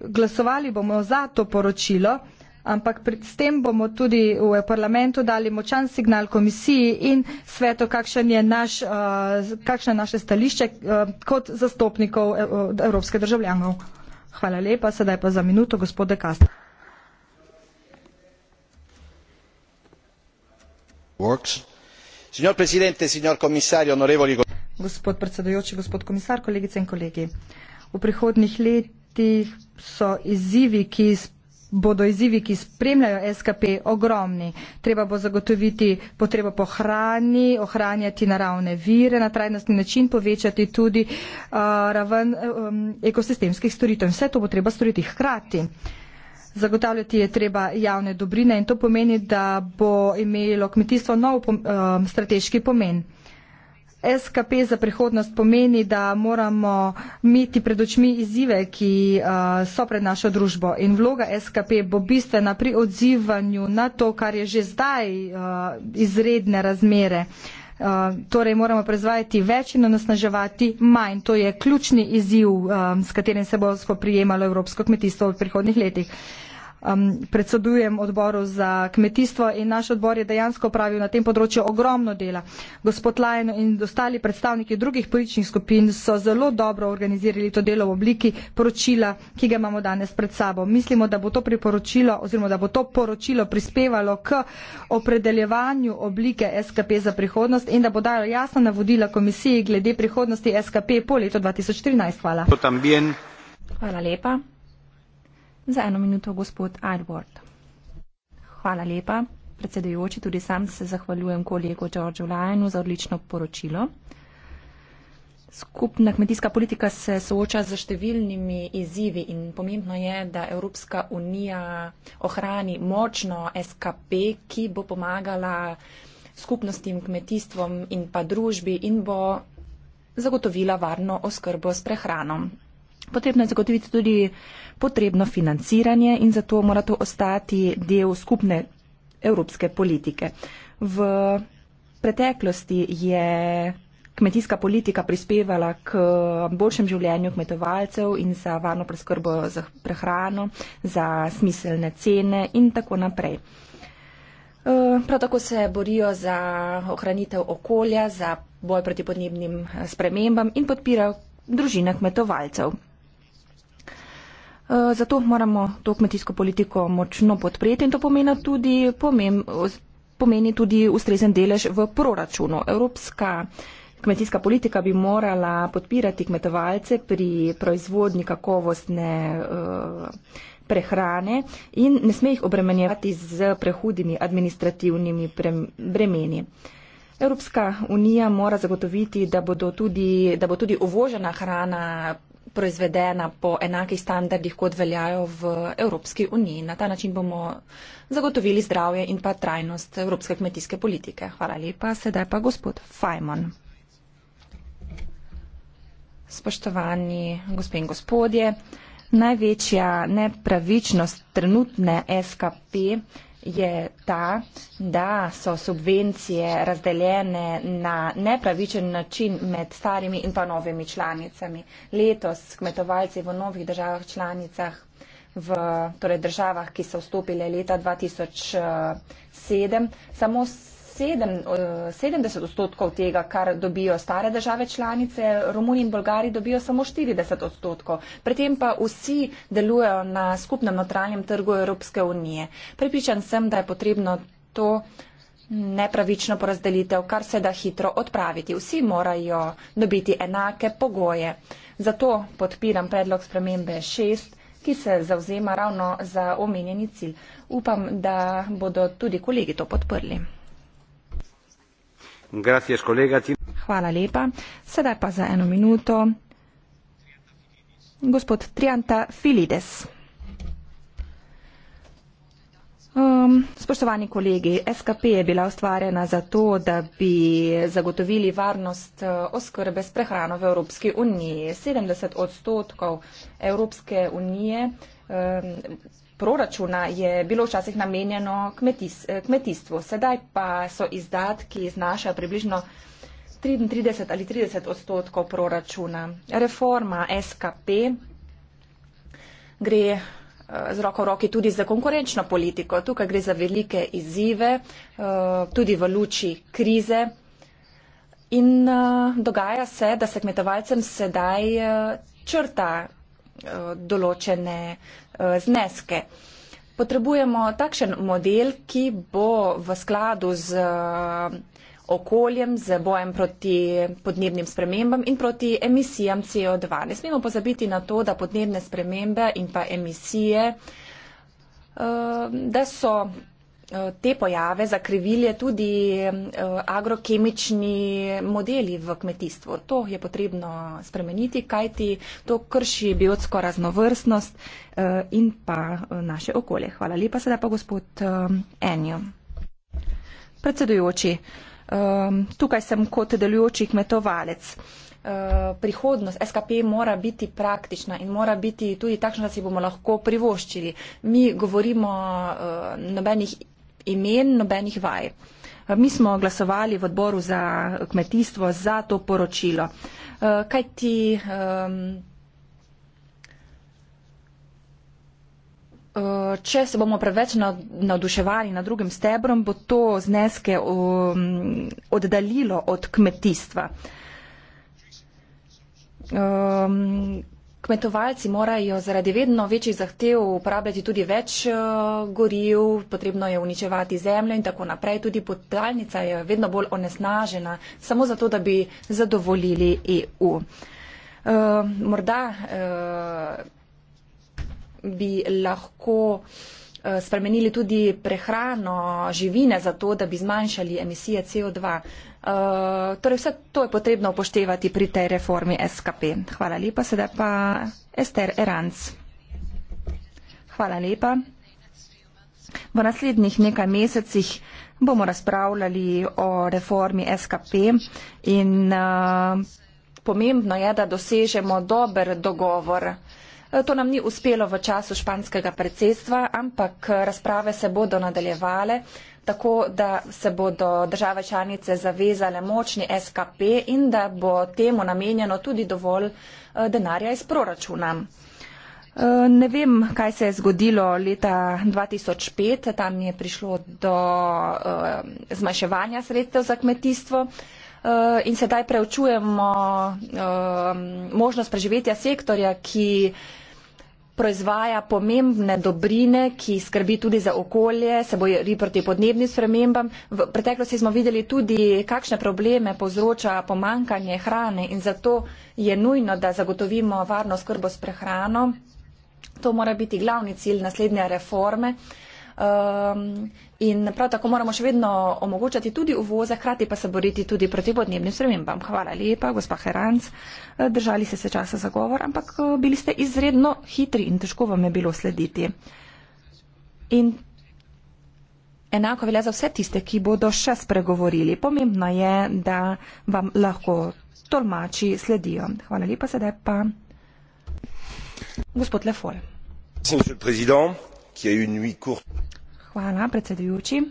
Glasovali bomo za to poročilo, ampak s tem bomo tudi v parlamentu dali močan signal komisiji in svetu, kakšen je naš, eh, kakšne je naše stališče eh, kot zastopnikov eh, evropske državljanov. Hvala lepa, sedaj pa za minuto gospode Kastra. signor presidente signor komisar onorevoli kolegi gospod predsedujoči gospod komisar kolegice in kolegi v prihodnjih letih so izzivi ki bodo izzivi ki spremljajo skp ogromni treba bo zagotoviti potrebo po hrani ohranjati naravne vire na trajnostni način povečati tudi uh, raven um, ekosistemskih storitev in vse to bo treba storiti hkrati. Zagotavljati je treba javne dobrine in to pomeni, da bo imelo kmetijstvo nov pom, uh, strateški pomen. SKP za prihodnost pomeni, da moramo imeti pred očmi izzive, ki uh, so pred našo družbo. In vloga SKP bo bistvena pri odzivanju na to, kar je že zdaj uh, izredne razmere. Uh, torej moramo prezvajati več in onosnaževati manj. To je ključni izziv, uh, s katerim se bo spoprijemalo evropsko kmetijstvo v prihodnih letih. Uh, um, predsedujem odboru za kmetijstvo in naš odbor je dejansko pravil na tem področju ogromno dela. Gospod Lajno in ostali predstavniki drugih političnih skupin so zelo dobro organizirali to delo v obliki poročila, ki ga imamo danes pred sabo. Mislimo, da bo to priporočilo oziroma da bo to poročilo prispevalo k opredeljevanju oblike SKP za prihodnost in da bo dalo jasna navodila komisiji glede prihodnosti SKP po letu 2013. Hvala. Hvala lepa. Za eno minuto gospod Arbord. Hvala lepa. Predsedujoči, tudi sam se zahvaljujem kolegu Georgeu Lajnu za odlično poročilo. Skupna kmetijska politika se sooča z številnimi izzivi in pomembno je, da Evropska unija ohrani močno SKP, ki bo pomagala skupnostim, kmetijstvom in pa družbi in bo zagotovila varno oskrbo s prehranom. Potrebno je zagotoviti tudi potrebno financiranje in zato mora to ostati del skupne evropske politike. V preteklosti je kmetijska politika prispevala k boljšem življenju kmetovalcev in za varno preskrbo za prehrano, za smiselne cene in tako naprej. Eh, prav tako se borijo za ohranitev okolja, za boj proti podnebnim eh, spremembam in podpirajo družine kmetovalcev. Eh, zato moramo to kmetijsko politiko močno podpreti in to pomeni tudi, pomem, pomeni tudi ustrezen delež v proračunu. Evropska kmetijska politika bi morala podpirati kmetovalce pri proizvodni kakovostne uh, prehrane in ne sme jih obremenjevati z prehudimi administrativnimi bremeni. Evropska unija mora zagotoviti, da, tudi, da bo tudi uvožena hrana proizvedena po enakih standardih, kot veljajo v Evropski uniji. Na ta način bomo zagotovili zdravje in pa trajnost evropske kmetijske politike. Hvala lepa. Sedaj pa gospod Fajmon. Spoštovani gospe in gospodje, največja nepravičnost trenutne SKP je, je ta, da so subvencije razdeljene na nepravičen način med starimi in pa novimi članicami. Letos kmetovalci v novih državah članicah v torej državah, ki so vstopile leta 2007, eh, samo s sedem, 70 eh, odstotkov tega, kar dobijo stare države članice, Romuni in Bolgari dobijo samo 40 odstotkov. Predtem pa vsi delujejo na skupnem notranjem trgu Evropske unije. Pripričan sem, da je potrebno to nepravično porazdelitev, kar se da hitro odpraviti. Vsi morajo dobiti enake pogoje. Zato podpiram predlog spremembe 6, ki se zauzema ravno za omenjeni cilj. Upam, da bodo tudi kolegi to podprli. Hvala lepa. Sedaj pa za eno minuto. Gospod Trianta Filides. Um, spoštovani kolegi, SKP je bila ustvarjena zato, da bi zagotovili varnost uh, oskrbe s prehrano v Evropski uniji. 70 odstotkov Evropske unije um, proračuna je bilo včasih namenjeno kmetis, eh, kmetijstvu, sedaj pa so izdatki znašajo približno 33 ali 30 odstotkov proračuna. Reforma SKP gre Eh, z roko v roki tudi za konkurenčno politiko. Tukaj gre za velike izzive, eh, tudi v luči krize. In eh, dogaja se, da se kmetovalcem sedaj črta določene zneske. Potrebujemo takšen model, ki bo v skladu z okoljem, z bojem proti podnebnim spremembam in proti emisijam CO2. Ne smemo pozabiti na to, da podnebne spremembe in pa emisije, eh, da so eh, te pojave zakrivili tudi eh, agrokemični modeli v kmetijstvu. To je potrebno spremeniti, kajti to krši biotsko raznovrstnost in pa naše okolje. Hvala lepa, sedaj pa gospod Enjo. Predsedujoči, Um, tukaj sem kot delujoči kmetovalec. Uh, prihodnost SKP mora biti praktična in mora biti tudi takšna, da si bomo lahko privoščili. Mi govorimo uh, nobenih imen, nobenih vaj. Mi smo glasovali v odboru za kmetijstvo za to poročilo. Kaj ti Eh, če se bomo preveč navduševali nad drugim stebrom, bo to zneske um, oddaljilo od kmetijstva. Um, kmetovalci morajo zaradi vedno večjih zahtev uporabljati tudi več eh, goril, potrebno je uničevati zemljo in tako naprej. Tudi potalnica je vedno bolj onesnažena, samo zato, da bi zadovoljili EU. Eh, morda bi lahko eh, spremenili tudi prehrano živine za to, da bi zmanjšali emisije CO2. Eh, torej vse to je potrebno upoštevati pri tej reformi SKP. Hvala lepa, sedaj pa Ester Eranc. Hvala lepa. V naslednjih nekaj mesecih bomo razpravljali o reformi SKP in eh, pomembno je, da dosežemo dober dogovor vsega. Eh, to nam ni uspelo v času španskega predsedstva, ampak eh, razprave se bodo nadaljevale tako, da se bodo države članice zavezale močni SKP in da bo temu namenjeno tudi dovolj eh, denarja iz proračuna. Ne vem, kaj se je zgodilo leta 2005, tam je prišlo do zmanjševanja sredstev za kmetijstvo. Eh, in sedaj preučujemo uh, možnost preživetja sektorja, ki proizvaja pomembne dobrine, ki skrbi tudi za okolje, se boji proti podnebnim spremembam. V preteklosti smo videli tudi, kakšne probleme povzroča pomankanje hrane in zato je nujno, da zagotovimo varno skrbo s prehrano. To mora biti glavni cilj naslednje reforme. Um, In prav tako moramo še vedno omogočati tudi uvoze, hkrati pa se boriti tudi proti podnebnim spremembam. Hvala lepa, gospa Heranc. Držali ste se časa za govor, ampak bili ste izredno hitri in težko vam je bilo slediti. In enako velja za vse tiste, ki bodo še spregovorili. Pomembno je, da vam lahko tolmači sledijo. Hvala lepa, sedaj pa gospod Lefol. Hvala, predsedujoči.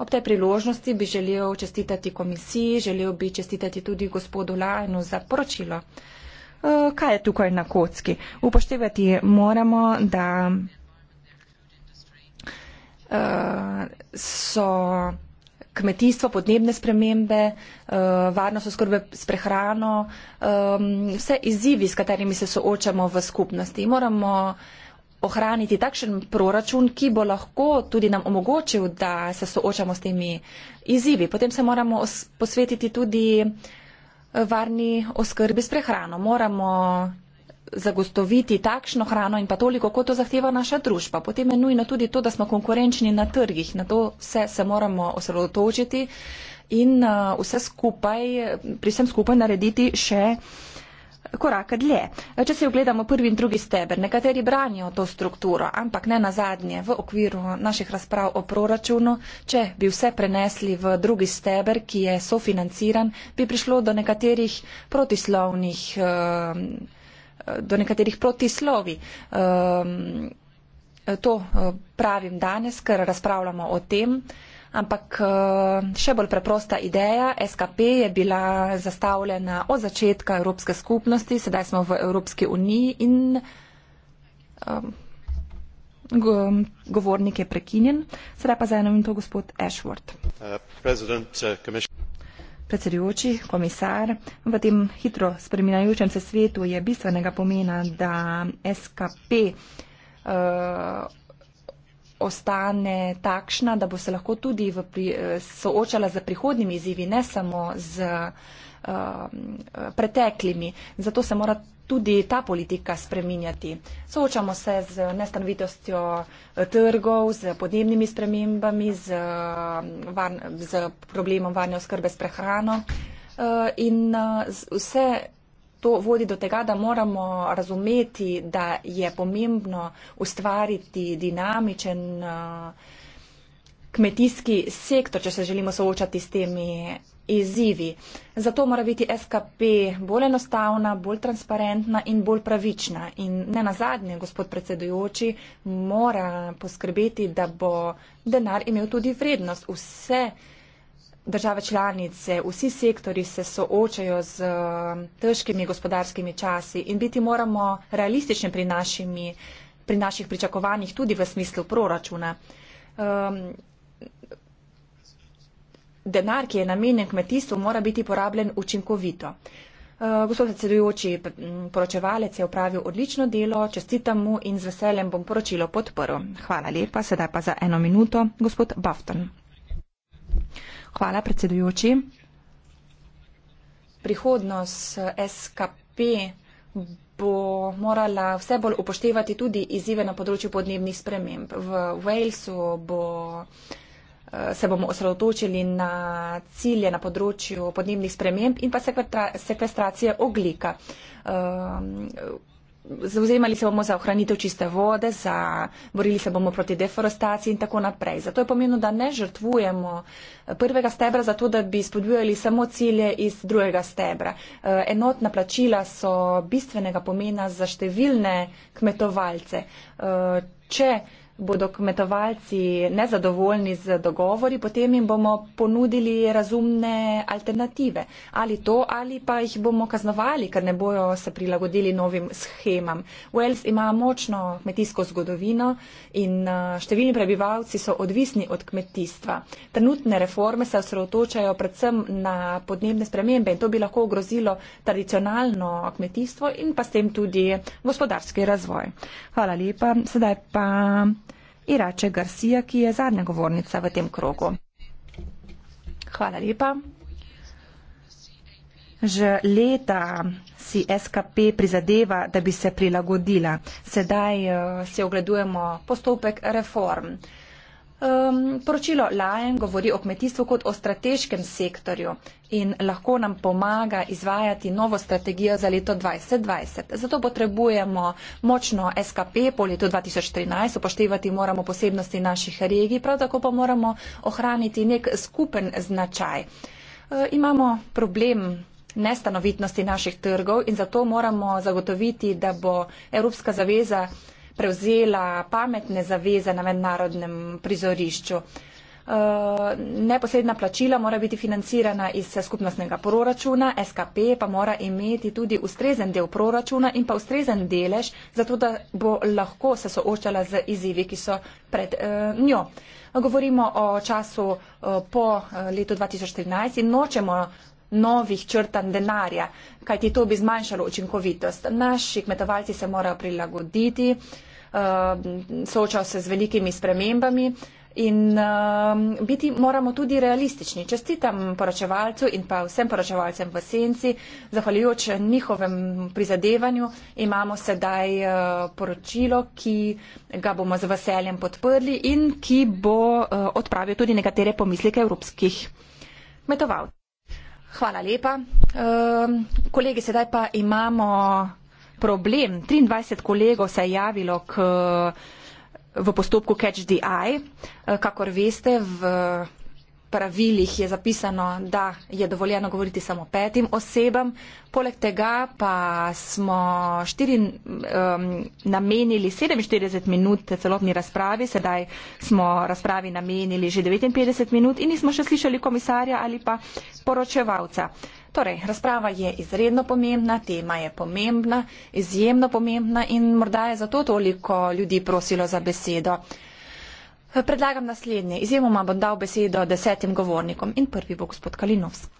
Ob tej priložnosti bi želel čestitati komisiji, želel bi čestitati tudi gospodu Lajnu za poročilo. E, kaj je tukaj na kocki? Upoštevati moramo, da e, so kmetijstvo, podnebne spremembe, eh, varnost oskrbe s prehrano, ehm, vse izzivi, s katerimi se soočamo v skupnosti. Moramo ohraniti takšen proračun, ki bo lahko tudi nam omogočil, da se soočamo s temi izzivi. Potem se moramo posvetiti tudi eh, varni oskrbi s prehrano. Moramo zagostoviti takšno hrano in pa toliko, kot to zahteva naša družba. Potem je nujno tudi to, da smo konkurenčni na trgih. Na to vse se moramo osredotočiti in eh, vse skupaj, pri vsem skupaj narediti še koraka dlje. Če se ogledamo prvi in drugi steber, nekateri branijo to strukturo, ampak ne na zadnje v okviru naših razprav o proračunu, če bi vse prenesli v drugi steber, ki je sofinanciran, bi prišlo do nekaterih protislovnih uh, do nekaterih protislovi. Ehm, to eh, pravim danes, ker razpravljamo o tem, ampak eh, še bolj preprosta ideja. SKP je bila zastavljena od začetka Evropske skupnosti, sedaj smo v Evropski uniji in ehm, govornik je prekinjen. Sedaj pa za eno minuto gospod Ashworth. Uh, Predsedujoči, komisar, v tem hitro spreminjajočem se svetu je bistvenega pomena, da SKP uh, eh, ostane takšna, da bo se lahko tudi pri, eh, soočala z prihodnjimi izzivi, ne samo z uh, Um, preteklimi. Zato se mora tudi ta politika spreminjati. Soočamo se z nestanovitostjo eh, trgov, z podnebnimi spremembami, z, um, varn, z problemom varne oskrbe s prehrano eh, in eh, vse to vodi do tega, da moramo razumeti, da je pomembno ustvariti dinamičen kmetijski sektor, če se želimo soočati s temi izzivi. Zato mora biti SKP bolj enostavna, bolj transparentna in bolj pravična. In ne na zadnje, gospod predsedujoči, mora poskrbeti, da bo denar imel tudi vrednost. Vse države članice, vsi sektori se soočajo z um, težkimi gospodarskimi časi in biti moramo realistični pri, našimi, pri naših pričakovanjih tudi v smislu proračuna. Um, denar, ki je namenjen kmetijstvu, mora biti porabljen učinkovito. Uh, gospod predsedujoči, poročevalec je upravil odlično delo, čestitam mu in z veseljem bom poročilo podporil. Hvala lepa, sedaj pa za eno minuto, gospod Bafton. Hvala, predsedujoči. Prihodnost eh, SKP bo morala vse bolj upoštevati tudi izzive na področju podnebnih sprememb. V Walesu bo Eh, se bomo osredotočili na cilje na področju podnebnih sprememb in pa sekvestracije oglika. Ehm, Zauzemali se bomo za ohranitev čiste vode, za, borili se bomo proti deforestaciji in tako naprej. Zato je pomenilo, da ne žrtvujemo eh, prvega stebra, zato da bi spodbujali samo cilje iz drugega stebra. Eh, enotna plačila so bistvenega pomena za številne kmetovalce. Če bodo kmetovalci nezadovoljni z dogovori, potem jim bomo ponudili razumne alternative. Ali to, ali pa jih bomo kaznovali, ker ne bojo se prilagodili novim schemam. Wales ima močno kmetijsko zgodovino in eh, številni prebivalci so odvisni od kmetijstva. Trenutne reforme se osredotočajo predvsem na podnebne spremembe in to bi lahko ogrozilo tradicionalno kmetijstvo in pa s tem tudi gospodarski razvoj. Hvala lepa. Sedaj pa. Irače Garcia, ki je zadnja govornica v tem krogu. Hvala lepa. Že leta si SKP prizadeva, da bi se prilagodila. Sedaj eh, se ogledujemo postopek reform. Um, poročilo Lajen govori o kmetijstvu kot o strateškem sektorju in lahko nam pomaga izvajati novo strategijo za leto 2020. Zato potrebujemo močno SKP po letu 2013, upoštevati moramo posebnosti naših regij, prav tako pa moramo ohraniti nek skupen značaj. Um, imamo problem nestanovitnosti naših trgov in zato moramo zagotoviti, da bo Evropska zaveza prevzela pametne zaveze na mednarodnem prizorišču. Eh, neposredna plačila mora biti financirana iz skupnostnega proračuna, SKP pa mora imeti tudi ustrezen del proračuna in pa ustrezen delež, zato da bo lahko se soočala z izzivi, ki so pred eh, njo. Govorimo o času eh, po letu 2013 in nočemo novih črtan denarja, kajti to bi zmanjšalo učinkovitost. Naši kmetovalci se morajo prilagoditi. Eh, soočal se z velikimi spremembami. In uh, biti moramo tudi realistični. Čestitam poročevalcu in pa vsem poročevalcem v senci, zahvaljujoč njihovem prizadevanju imamo sedaj uh, poročilo, ki ga bomo z veseljem podprli in ki bo uh, odpravil tudi nekatere pomislike evropskih metovalcev. Hvala lepa. Uh, kolegi, sedaj pa imamo problem. 23 kolegov se je javilo k, v postopku Catch the Eye. Eh, kakor veste, v pravilih je zapisano, da je dovoljeno govoriti samo petim osebam. Poleg tega pa smo štiri, um, namenili 47 minut celotni razpravi, sedaj smo razpravi namenili že 59 minut in nismo še slišali komisarja ali pa poročevalca. Uh, Torej, razprava je izredno pomembna, tema je pomembna, izjemno pomembna in morda je zato toliko ljudi prosilo za besedo. Predlagam naslednje. Izjemoma bom dal besedo desetim govornikom in prvi bo gospod Kalinovsk.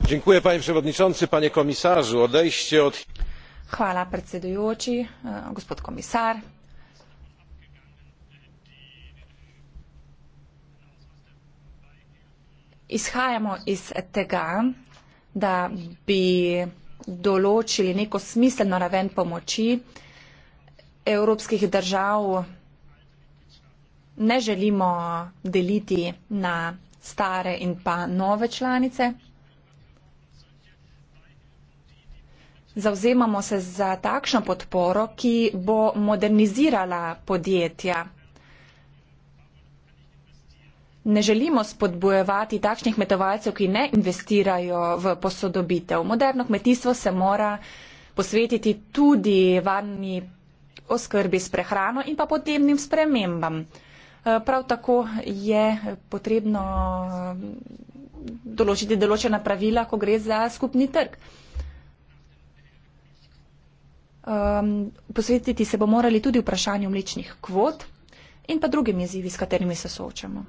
Dziękuję, panie przewodniczący, panie komisarzu. Odejście od. Hvala predsedujoči, e, gospod komisar. izhajamo iz tega, da bi določili neko smiselno raven pomoči evropskih držav, ne želimo deliti na stare in pa nove članice. Zauzemamo se za takšno podporo, ki bo modernizirala podjetja ne želimo spodbujevati takšnih kmetovalcev, ki ne investirajo v posodobitev. Moderno kmetijstvo se mora posvetiti tudi varni oskrbi s prehrano in pa podnebnim spremembam. Eh, prav tako je potrebno eh, določiti določena pravila, ko gre za skupni trg. Ehm, posvetiti se bo morali tudi vprašanju mlečnih kvot in pa drugim izzivi, s katerimi se soočamo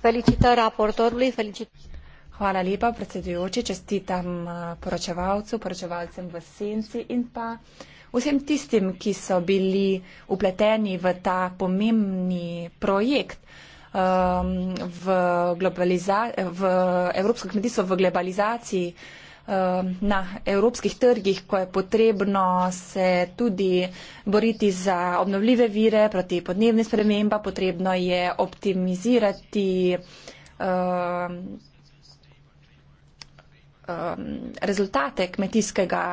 felicitări raportorului hvala lepa predsedujoči čestitam uh, poročevalcu poročevalcem v senci in pa vsem tistim ki so bili vpleteni v ta pomembni projekt um, v globaliza v evropsko kmetijstvo v globalizaciji Um, na evropskih trgih, ko je potrebno se tudi boriti za obnovljive vire proti podnebni sprememba, potrebno je optimizirati um, um, rezultate kmetijskega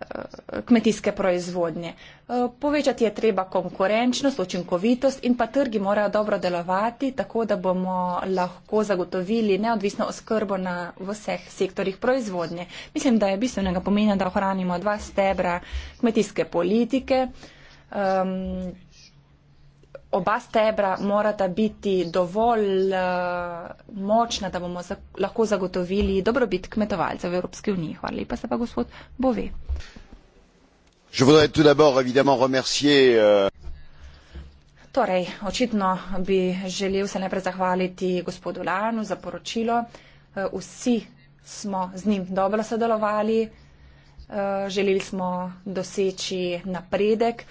Eh, kmetijske proizvodnje. Eh, povečati je treba konkurenčnost, učinkovitost in pa trgi morajo dobro delovati, tako da bomo lahko zagotovili neodvisno oskrbo na vseh sektorjih proizvodnje. Mislim, da je bistvenega pomena, da ohranimo dva stebra kmetijske politike. Um, oba stebra morata biti dovolj uh, močna, da bomo za, lahko zagotovili dobrobit kmetovalcev v Evropski uniji. Hvala lepa se pa gospod Bove. Je voudrais tout d'abord évidemment remercier. Euh, torej, očitno bi želel se najprej zahvaliti gospodu Lanu za poročilo. Eh, vsi smo z njim dobro sodelovali, eh, želeli smo doseči napredek.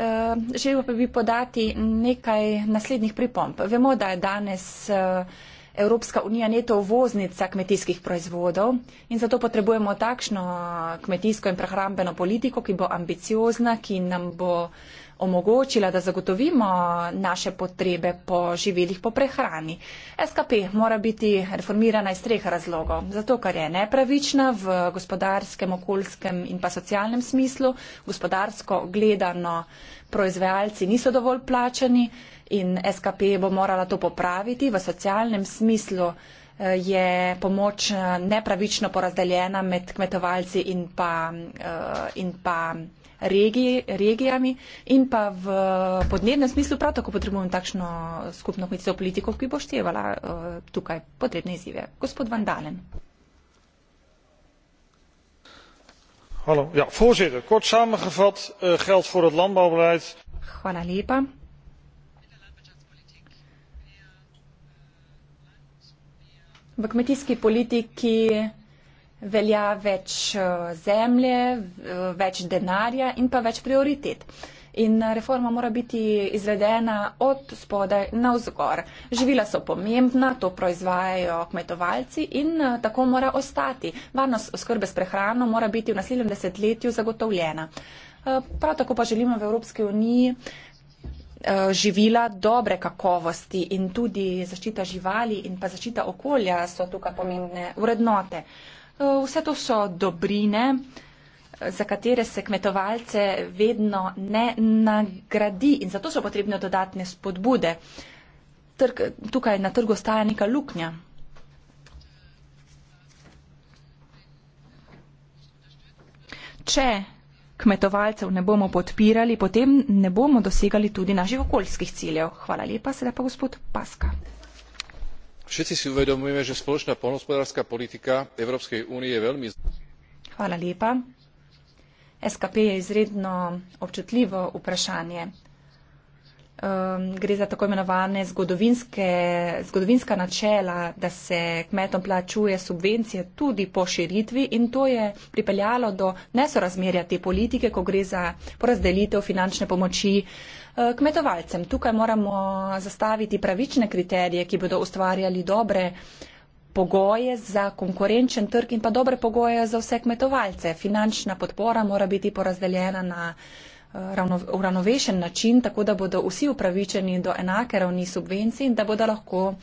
Eh, želel pa bi podati nekaj naslednjih pripomp. Vemo, da je danes eh, Evropska unija neto uvoznica kmetijskih proizvodov in zato potrebujemo takšno kmetijsko in prehrambeno politiko, ki bo ambiciozna, ki nam bo omogočila, da zagotovimo naše potrebe po živelih po prehrani. SKP mora biti reformirana iz treh razlogov. Zato, ker je nepravična v gospodarskem, okoljskem in pa socialnem smislu, gospodarsko gledano proizvajalci niso dovolj plačani in SKP bo morala to popraviti v socialnem smislu eh, je pomoč eh, nepravično porazdeljena med kmetovalci in pa, eh, in pa regij, regijami in pa v podnebnem smislu prav tako potrebujemo takšno skupno kmetijsko politiko, ki bo števala uh, tukaj potrebne izzive. Gospod Van Dalen. Hallo. Ja, voorzitter, kort samengevat uh, eh, geldt voor het landbouwbeleid. Hvala lepa. V kmetijski politiki velja več eh, zemlje, več denarja in pa več prioritet. In eh, reforma mora biti izvedena od spodaj na vzgor. Živila so pomembna, to proizvajajo kmetovalci in eh, tako mora ostati. Varnost oskrbe s prehrano mora biti v naslednjem desetletju zagotovljena. Prav tako pa želimo v Evropski uniji živila dobre kakovosti in tudi zaščita živali in pa zaščita okolja so tukaj pomembne vrednote. Vse to so dobrine, za katere se kmetovalce vedno ne nagradi in zato so potrebne dodatne spodbude. Trg, tukaj na trgu staja neka luknja. Če kmetovalcev ne bomo podpirali, potem ne bomo dosegali tudi naših okoljskih ciljev. Hvala lepa, sedaj pa gospod Paska všetci si uvedomujeme že spoločná poľnohospodárska politika európskej únie je veľmi Hvala lepa. SKP je izredno občutljivo vprašanje. Um, gre za tako imenovane zgodovinska načela, da se kmetom plačuje subvencije tudi po širitvi in to je pripeljalo do nesorazmerja te politike, ko gre za porazdelitev finančne pomoči uh, kmetovalcem. Tukaj moramo zastaviti pravične kriterije, ki bodo ustvarjali dobre pogoje za konkurenčen trg in pa dobre pogoje za vse kmetovalce. Finančna podpora mora biti porazdeljena na uravnovešen način, tako da bodo vsi upravičeni do enake ravni subvencij in da bodo lahko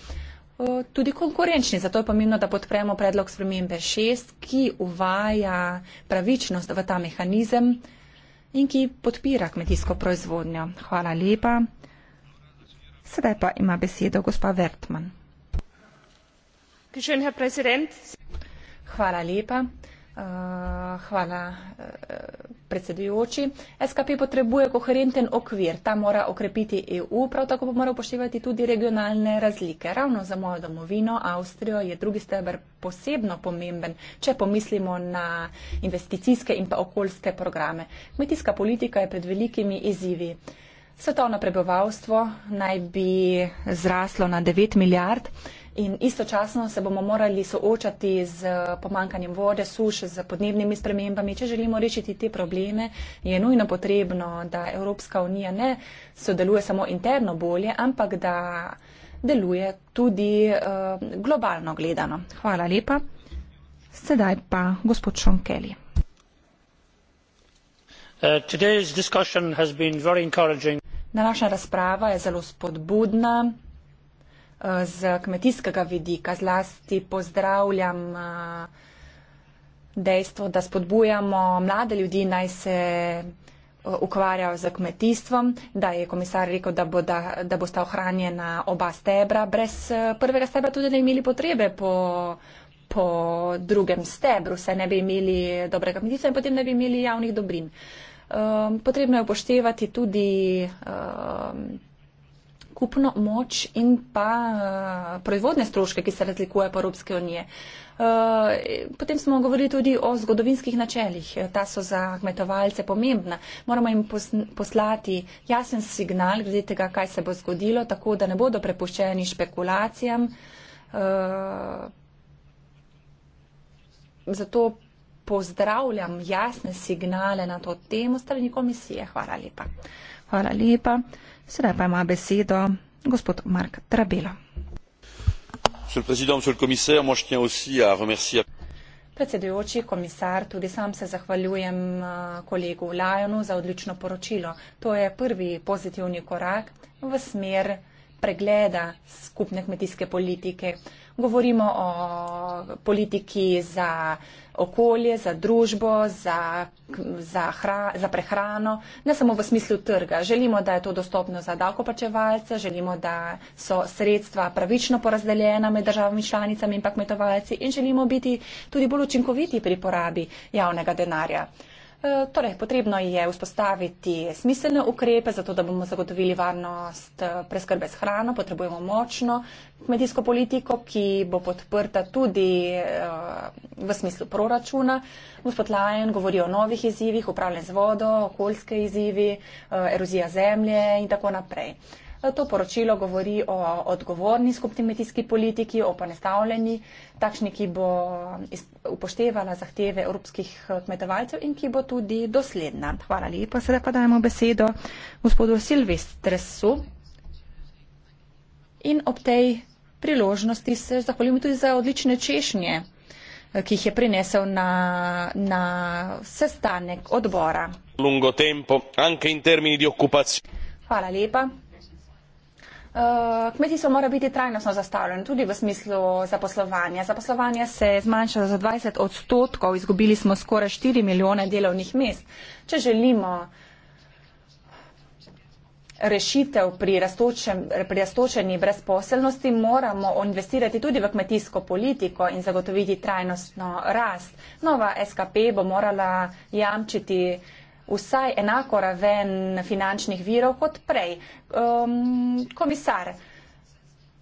tudi konkurenčni. Zato je pomembno, da podpremo predlog spremembe 6, ki uvaja pravičnost v ta mehanizem in ki podpira kmetijsko proizvodnjo. Hvala lepa. Sedaj pa ima besedo gospa Vertman. Hvala lepa. Eh, hvala, eh, predsedujoči. SKP potrebuje koherenten okvir, ta mora okrepiti EU, prav tako pa mora upoštevati tudi regionalne razlike. Ravno za mojo domovino, Avstrijo, je drugi steber posebno pomemben, če pomislimo na investicijske in pa okoljske programe. Kmetijska politika je pred velikimi izzivi. Svetovno prebivalstvo naj bi zraslo na 9 milijard. In istočasno se bomo morali soočati z eh, pomankanjem vode, suše, z podnebnimi spremembami. Če želimo rešiti te probleme, je nujno potrebno, da Evropska unija ne sodeluje samo interno bolje, ampak da deluje tudi uh, globalno gledano. Hvala lepa. Sedaj pa gospod Sean Kelly. Uh, Današnja razprava je zelo spodbudna z kmetijskega vidika. Zlasti pozdravljam dejstvo, da spodbujamo mlade ljudi naj se ukvarjajo z kmetijstvom, da je komisar rekel, da, bo, da, da bosta ohranjena oba stebra. Brez prvega stebra tudi ne imeli potrebe po, po drugem stebru, se ne bi imeli dobrega kmetijstva in potem ne bi imeli javnih dobrin. Um, potrebno je upoštevati tudi um, kupno moč in pa uh, proizvodne stroške, ki se razlikujejo po Evropske unije. Uh, potem smo govorili tudi o zgodovinskih načeljih. Ta so za kmetovalce pomembna. Moramo jim poslati jasen signal glede tega, kaj se bo zgodilo, tako da ne bodo prepuščeni špekulacijam. Uh, zato pozdravljam jasne signale na to temo strani komisije. Hvala lepa. Hvala lepa. Uh, Sedaj pa ima besedo gospod Mark Trabelo. Predsedujoči komisar, tudi sam se zahvaljujem eh, kolegu Lajonu za odlično poročilo. To je prvi pozitivni korak v smer pregleda skupne kmetijske politike govorimo o politiki za okolje, za družbo, za, za, hra, za prehrano, ne samo v smislu trga. Želimo, da je to dostopno za davkoplačevalce, želimo, da so sredstva pravično porazdeljena med državami članicami in pa kmetovalci in želimo biti tudi bolj učinkoviti pri porabi javnega denarja. E, torej, potrebno je vzpostaviti smiselne ukrepe, zato da bomo zagotovili varnost e, preskrbe s hrano. Potrebujemo močno kmetijsko politiko, ki bo podprta tudi e, v smislu proračuna. Gospod Lajen govori o novih izzivih, upravljanje z vodo, okoljske izzivi, erozija zemlje in tako naprej. To poročilo govori o odgovorni skupni kmetijski politiki, o ponestavljeni, takšni, ki bo upoštevala zahteve evropskih eh, kmetovalcev in ki bo tudi dosledna. Hvala lepa, sedaj pa dajemo besedo gospodu Silvestresu. In ob tej priložnosti se zahvaljujem tudi za odlične češnje, eh, ki jih je prinesel na, na sestanek odbora. Hvala lepa. Eh, kmeti so mora biti trajnostno zastavljeni, tudi v smislu zaposlovanja. Zaposlovanje se je zmanjšalo za 20 odstotkov, izgubili smo skoraj 4 milijone delovnih mest. Če želimo rešitev pri, rastočem, pri rastočeni brezposelnosti, moramo investirati tudi v kmetijsko politiko in zagotoviti trajnostno rast. Nova SKP bo morala jamčiti vsaj enako raven finančnih virov kot prej. Um, komisar,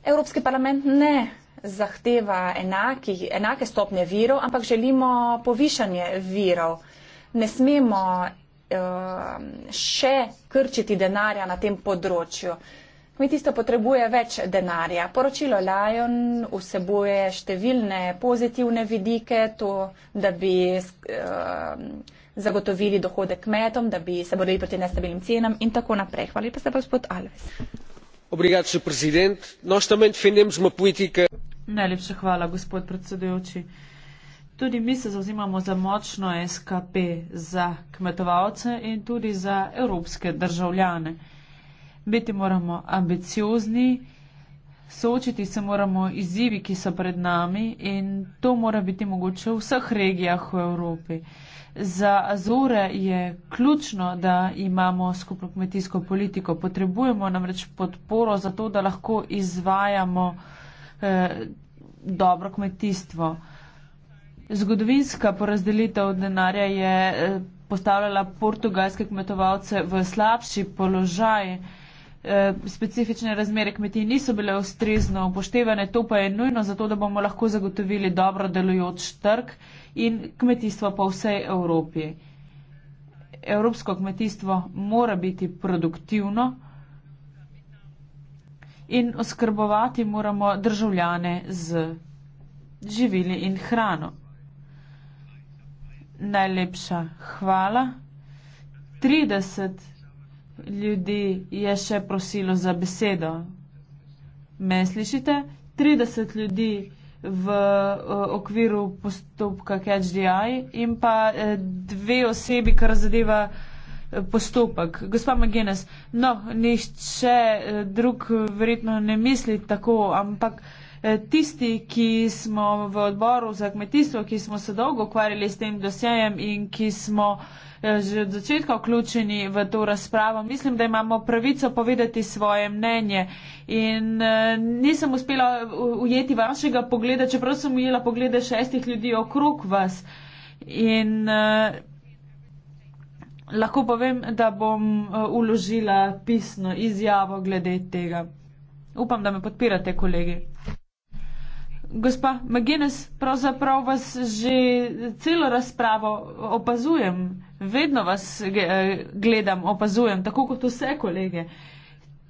Evropski parlament ne zahteva enaki, enake stopnje virov, ampak želimo povišanje virov. Ne smemo um, še krčiti denarja na tem področju. Kmetijstvo potrebuje več denarja. Poročilo Lion vsebuje številne pozitivne vidike, to, da bi uh, zagotovili dohode kmetom, da bi se borili proti nestabilnim cenam in tako naprej. Hvala lepa, gospod Alves. Obrigado, senhor presidente. Nós também defendemos uma política. Najlepša hvala, gospod predsedujoči. Tudi mi se zauzimamo za močno SKP za kmetovalce in tudi za evropske državljane. Biti moramo ambiciozni, soočiti se moramo izzivi, ki so pred nami in to mora biti mogoče v vseh regijah v Evropi. Za Azore je ključno, da imamo skupno kmetijsko politiko. Potrebujemo namreč podporo za to, da lahko izvajamo eh, dobro kmetijstvo. Zgodovinska porazdelitev denarja je eh, postavljala portugalske kmetovalce v slabši položaj. Eh, Eh, specifične razmere kmetij niso bile ustrezno upoštevane, to pa je nujno zato, da bomo lahko zagotovili dobro delujoč trg in kmetijstvo po vsej Evropi. Evropsko kmetijstvo mora biti produktivno in oskrbovati moramo državljane z živili in hrano. Najlepša hvala. 30 ljudi je še prosilo za besedo. Me slišite? 30 ljudi v eh, okviru postopka CatchDI in pa eh, dve osebi, kar zadeva eh, postopek. Gospa Magines, no, nišče drug verjetno ne misli tako, ampak. E, tisti, ki smo v odboru za kmetijstvo, ki smo se dolgo ukvarjali s tem dosjejem in ki smo e, že od začetka vključeni v to razpravo, mislim, da imamo pravico povedati svoje mnenje. In e, nisem uspela ujeti vašega pogleda, čeprav sem ujela poglede šestih ljudi okrog vas. In lahko povem, da bom uložila pisno izjavo glede tega. Upam, da me podpirate, kolegi. Gospa McGuinness, pravzaprav vas že celo razpravo opazujem, vedno vas eh, gledam, opazujem, tako kot vse kolege.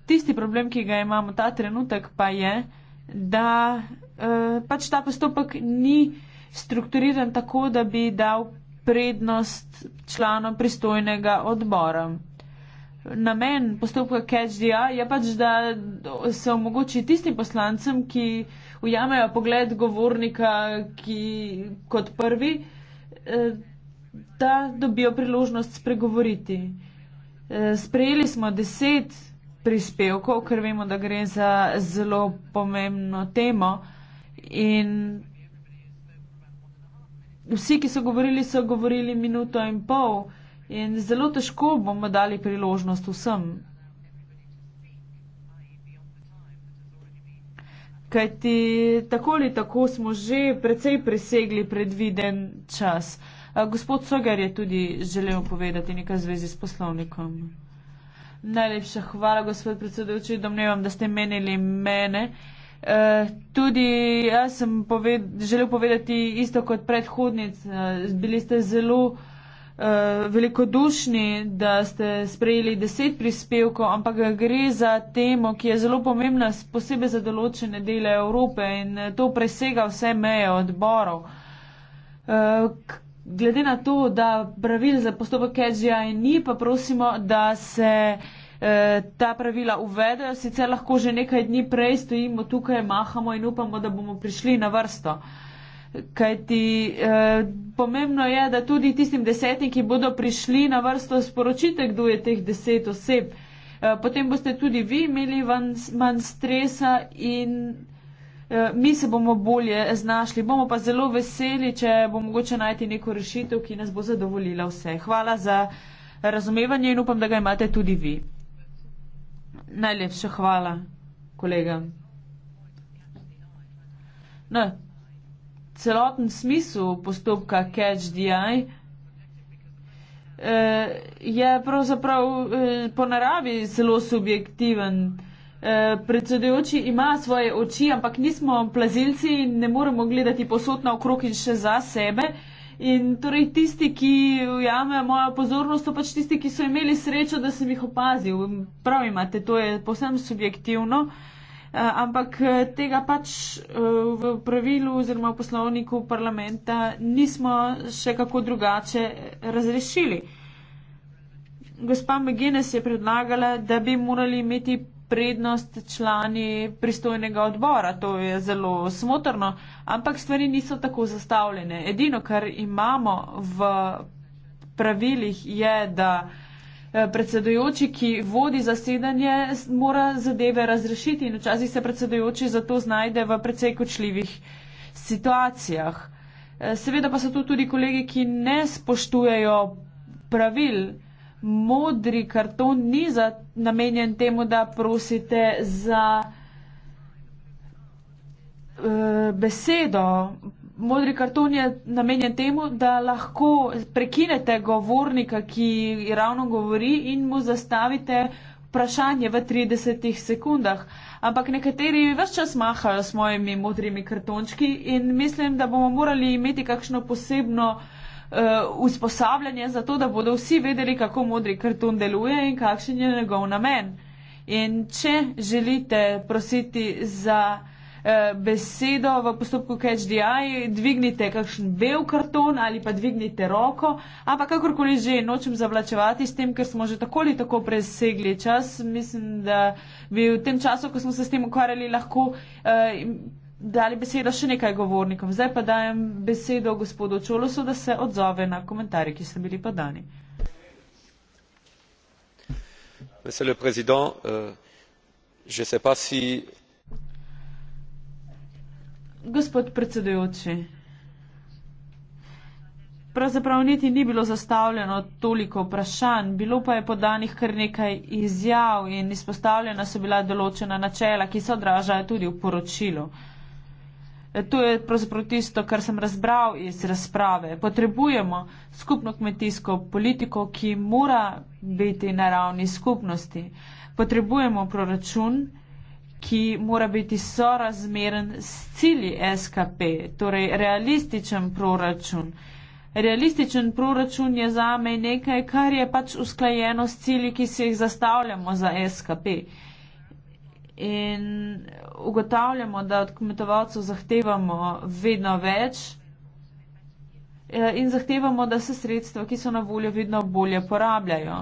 Tisti problem, ki ga imamo ta trenutek, pa je, da eh, pač ta postopek ni strukturiran tako, da bi dal prednost članom pristojnega odbora. Namen postopka Catch the Eye je pač, da se omogoči tistim poslancem, ki ujamejo pogled govornika, ki kot prvi, eh, da dobijo priložnost spregovoriti. Eh, sprejeli smo deset prispevkov, ker vemo, da gre za zelo pomembno temo in vsi, ki so govorili, so govorili minuto in pol in zelo težko bomo dali priložnost vsem. kajti tako ali tako smo že precej presegli predviden čas. Gospod Sogar je tudi želel povedati nekaj zvezi s poslovnikom. Najlepša hvala, gospod predsedujoči, domnevam, da ste menili mene. E, tudi jaz sem poved želel povedati isto kot predhodnic. E, bili ste zelo. Eh, velikodušni, da ste sprejeli deset prispevkov, ampak gre za temo, ki je zelo pomembna, posebej za določene dele Evrope in to presega vse meje odborov. Eh, glede na to, da pravil za postopek KGI ni, pa prosimo, da se eh, ta pravila uvedejo, sicer lahko že nekaj dni prej stojimo tukaj, mahamo in upamo, da bomo prišli na vrsto. Kaj ti eh, pomembno je, da tudi tistim desetim, ki bodo prišli na vrsto sporočite, kdo je teh deset oseb. Eh, potem boste tudi vi imeli van, manj stresa in eh, mi se bomo bolje znašli. Bomo pa zelo veseli, če bo mogoče najti neko rešitev, ki nas bo zadovoljila vse. Hvala za razumevanje in upam, da ga imate tudi vi. Najlepša hvala, kolega. No, celoten smisel postopka CatchDI eh, je pravzaprav eh, po naravi zelo subjektiven. Eh, predsedujoči ima svoje oči, ampak nismo plazilci in ne moremo gledati posod na okrog in še za sebe. In torej tisti, ki ujamejo mojo pozornost, so pač tisti, ki so imeli srečo, da sem jih opazil. Prav imate, to je povsem subjektivno. Uh, Eh, ampak eh, tega pač eh, v pravilu oziroma v poslovniku parlamenta nismo še kako drugače razrešili. Gospa McGuinness je predlagala, da bi morali imeti prednost člani pristojnega odbora. To je zelo smotrno, ampak stvari niso tako zastavljene. Edino, kar imamo v pravilih, je, da. Eh, predsedujoči, ki vodi zasedanje, mora zadeve razrešiti in včasih se predsedujoči zato znajde v precej kočljivih situacijah. Eh, seveda pa so tu tudi kolegi, ki ne spoštujejo pravil. Modri karton ni za, namenjen temu, da prosite za e, besedo, modri karton je namenjen temu, da lahko prekinete govornika, ki ravno govori in mu zastavite vprašanje v 30 sekundah. Ampak nekateri vse čas mahajo s mojimi modrimi kartončki in mislim, da bomo morali imeti kakšno posebno uh, usposabljanje za to, da bodo vsi vedeli, kako modri karton deluje in kakšen je njegov namen. In če želite prositi za. Eh, besedo v postopku KHDI, dvignite kakšen bel karton ali pa dvignite roko, ampak kakorkoli že, nočem zavlačevati s tem, ker smo že tako ali tako presegli čas. Mislim, da bi v tem času, ko smo se s tem ukvarjali, lahko eh, dali besedo še nekaj govornikom. Zdaj pa dajem besedo gospodu Čolosu, da se odzove na komentarje, ki so bili podani. Monsieur le Président, euh, je ne sais pas si Gospod predsedujoči, pravzaprav niti ni bilo zastavljeno toliko vprašanj, bilo pa je podanih kar nekaj izjav in izpostavljena so bila določena načela, ki se odražajo tudi v poročilu. E, to je pravzaprav tisto, kar sem razbral iz razprave. Potrebujemo skupno kmetijsko politiko, ki mora biti na ravni skupnosti. Potrebujemo proračun, ki mora biti sorazmeren s cilji SKP, torej realističen proračun. Realističen proračun je za me nekaj, kar je pač usklajeno s cilji, ki si jih zastavljamo za SKP. In ugotavljamo, da od kmetovalcev zahtevamo vedno več e, in zahtevamo, da se sredstva, ki so na voljo, vedno bolje porabljajo.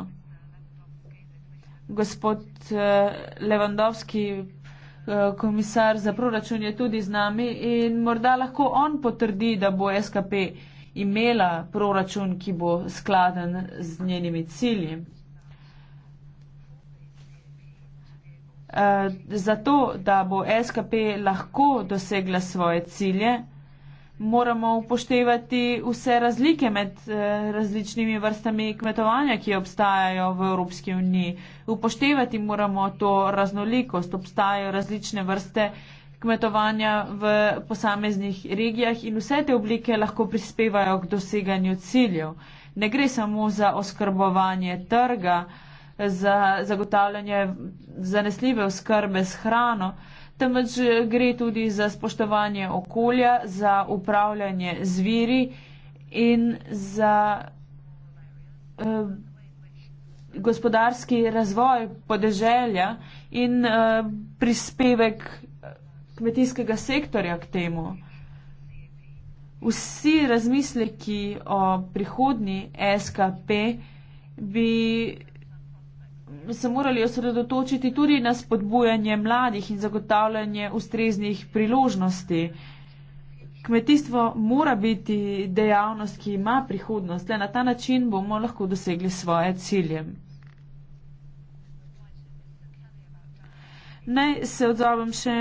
Gospod e, Levandovski Eh, komisar za proračun je tudi z nami in morda lahko on potrdi, da bo SKP imela proračun, ki bo skladen z njenimi cilji. Eh, zato, da bo SKP lahko dosegla svoje cilje, moramo upoštevati vse razlike med eh, različnimi vrstami kmetovanja, ki obstajajo v Evropski uniji. Upoštevati moramo to raznolikost. Obstajajo različne vrste kmetovanja v posameznih regijah in vse te oblike lahko prispevajo k doseganju ciljev. Ne gre samo za oskrbovanje trga, za zagotavljanje zanesljive oskrbe s hrano temveč gre tudi za spoštovanje okolja, za upravljanje zviri in za eh, gospodarski razvoj podeželja in eh, prispevek kmetijskega sektorja k temu. Vsi razmisleki o prihodni SKP bi se morali osredotočiti tudi na spodbujanje mladih in zagotavljanje ustreznih priložnosti. Kmetijstvo mora biti dejavnost, ki ima prihodnost. Le na ta način bomo lahko dosegli svoje cilje. Naj se odzovem še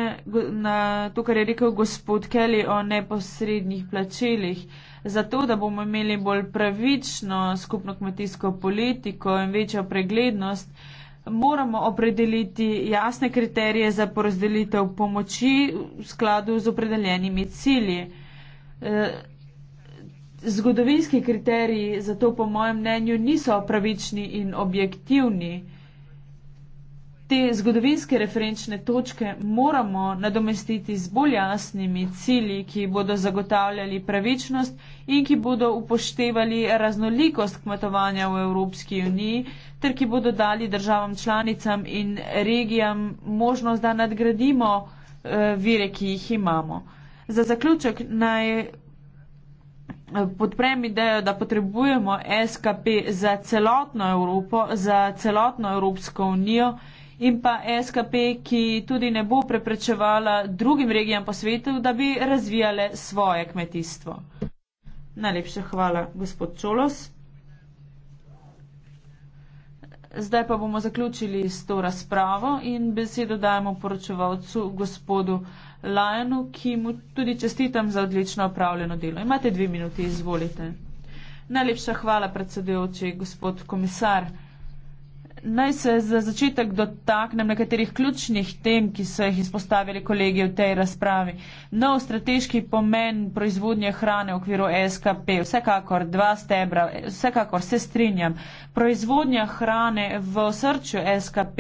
na to, kar je rekel gospod Kelly o neposrednjih plačilih. Uh, zato, da bomo imeli bolj pravično skupno kmetijsko politiko in večjo preglednost, moramo opredeliti jasne kriterije za porazdelitev pomoči v skladu z opredeljenimi cilji. E, zgodovinski kriteriji zato po mojem mnenju niso pravični in objektivni te zgodovinske referenčne točke moramo nadomestiti z bolj jasnimi cilji, ki bodo zagotavljali pravičnost in ki bodo upoštevali raznolikost kmetovanja v Evropski uniji, ter ki bodo dali državam članicam in regijam možnost, da nadgradimo eh, vire, ki jih imamo. Za zaključek naj eh, podprem idejo, da potrebujemo SKP za celotno Evropo, za celotno Evropsko unijo in pa SKP, ki tudi ne bo preprečevala drugim regijam po svetu, da bi razvijale svoje kmetijstvo. Najlepša hvala, gospod Čolos. Zdaj pa bomo zaključili s to razpravo in besedo dajemo poročevalcu gospodu Lajanu, ki mu tudi čestitam za odlično opravljeno delo. Imate dve minuti, izvolite. Najlepša hvala, predsedujoči, gospod komisar. Naj se za začetek dotaknem nekaterih ključnih tem, ki so jih izpostavili kolegi v tej razpravi. Nov strateški pomen proizvodnje hrane v okviru SKP. Vsekakor dva stebra, vsekakor se strinjam. Proizvodnja hrane v srčju SKP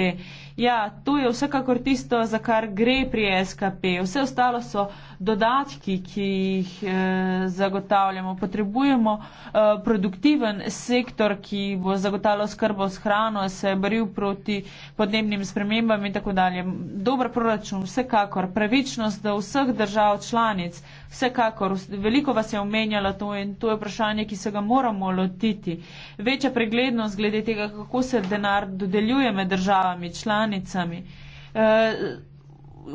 Ja, to je vsekakor tisto, za kar gre pri SKP. Vse ostalo so dodatki, ki jih eh, zagotavljamo. Potrebujemo eh, produktiven sektor, ki bo zagotavljal skrbo s hrano, se boril proti podnebnim spremembam in tako dalje. Dobro proračun, vsekakor pravičnost do vseh držav članic, Vsekakor, veliko vas je omenjala to in to je vprašanje, ki se ga moramo lotiti. Večja preglednost glede tega, kako se denar dodeljuje med državami, članicami. E,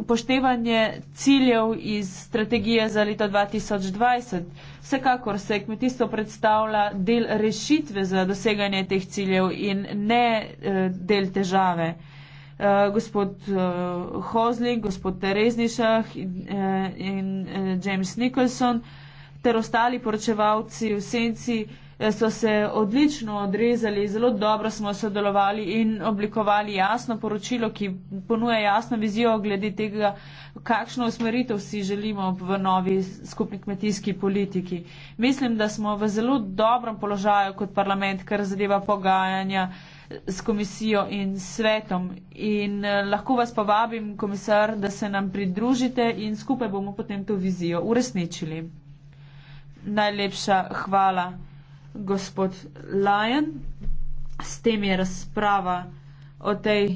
upoštevanje ciljev iz strategije za leto 2020. Vsekakor se kmetijstvo predstavlja del rešitve za doseganje teh ciljev in ne eh, del težave. Eh, gospod uh, eh, Hoslik, gospod Terezišah in, uh, in uh, James Nicholson ter ostali poročevalci v senci so se odlično odrezali, zelo dobro smo sodelovali in oblikovali jasno poročilo, ki ponuja jasno vizijo glede tega, kakšno usmeritev si želimo v novi skupni kmetijski politiki. Mislim, da smo v zelo dobrem položaju kot parlament, kar zadeva pogajanja, eh, s komisijo in svetom. In eh, lahko vas pa vabim, komisar, da se nam pridružite in skupaj bomo potem to vizijo uresničili. Najlepša hvala, gospod Lajen. S tem je razprava o tej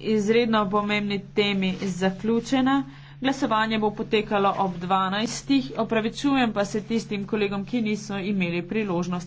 izredno pomembni temi zaključena. Glasovanje bo potekalo ob 12. Opravičujem pa se tistim kolegom, ki niso imeli priložnosti.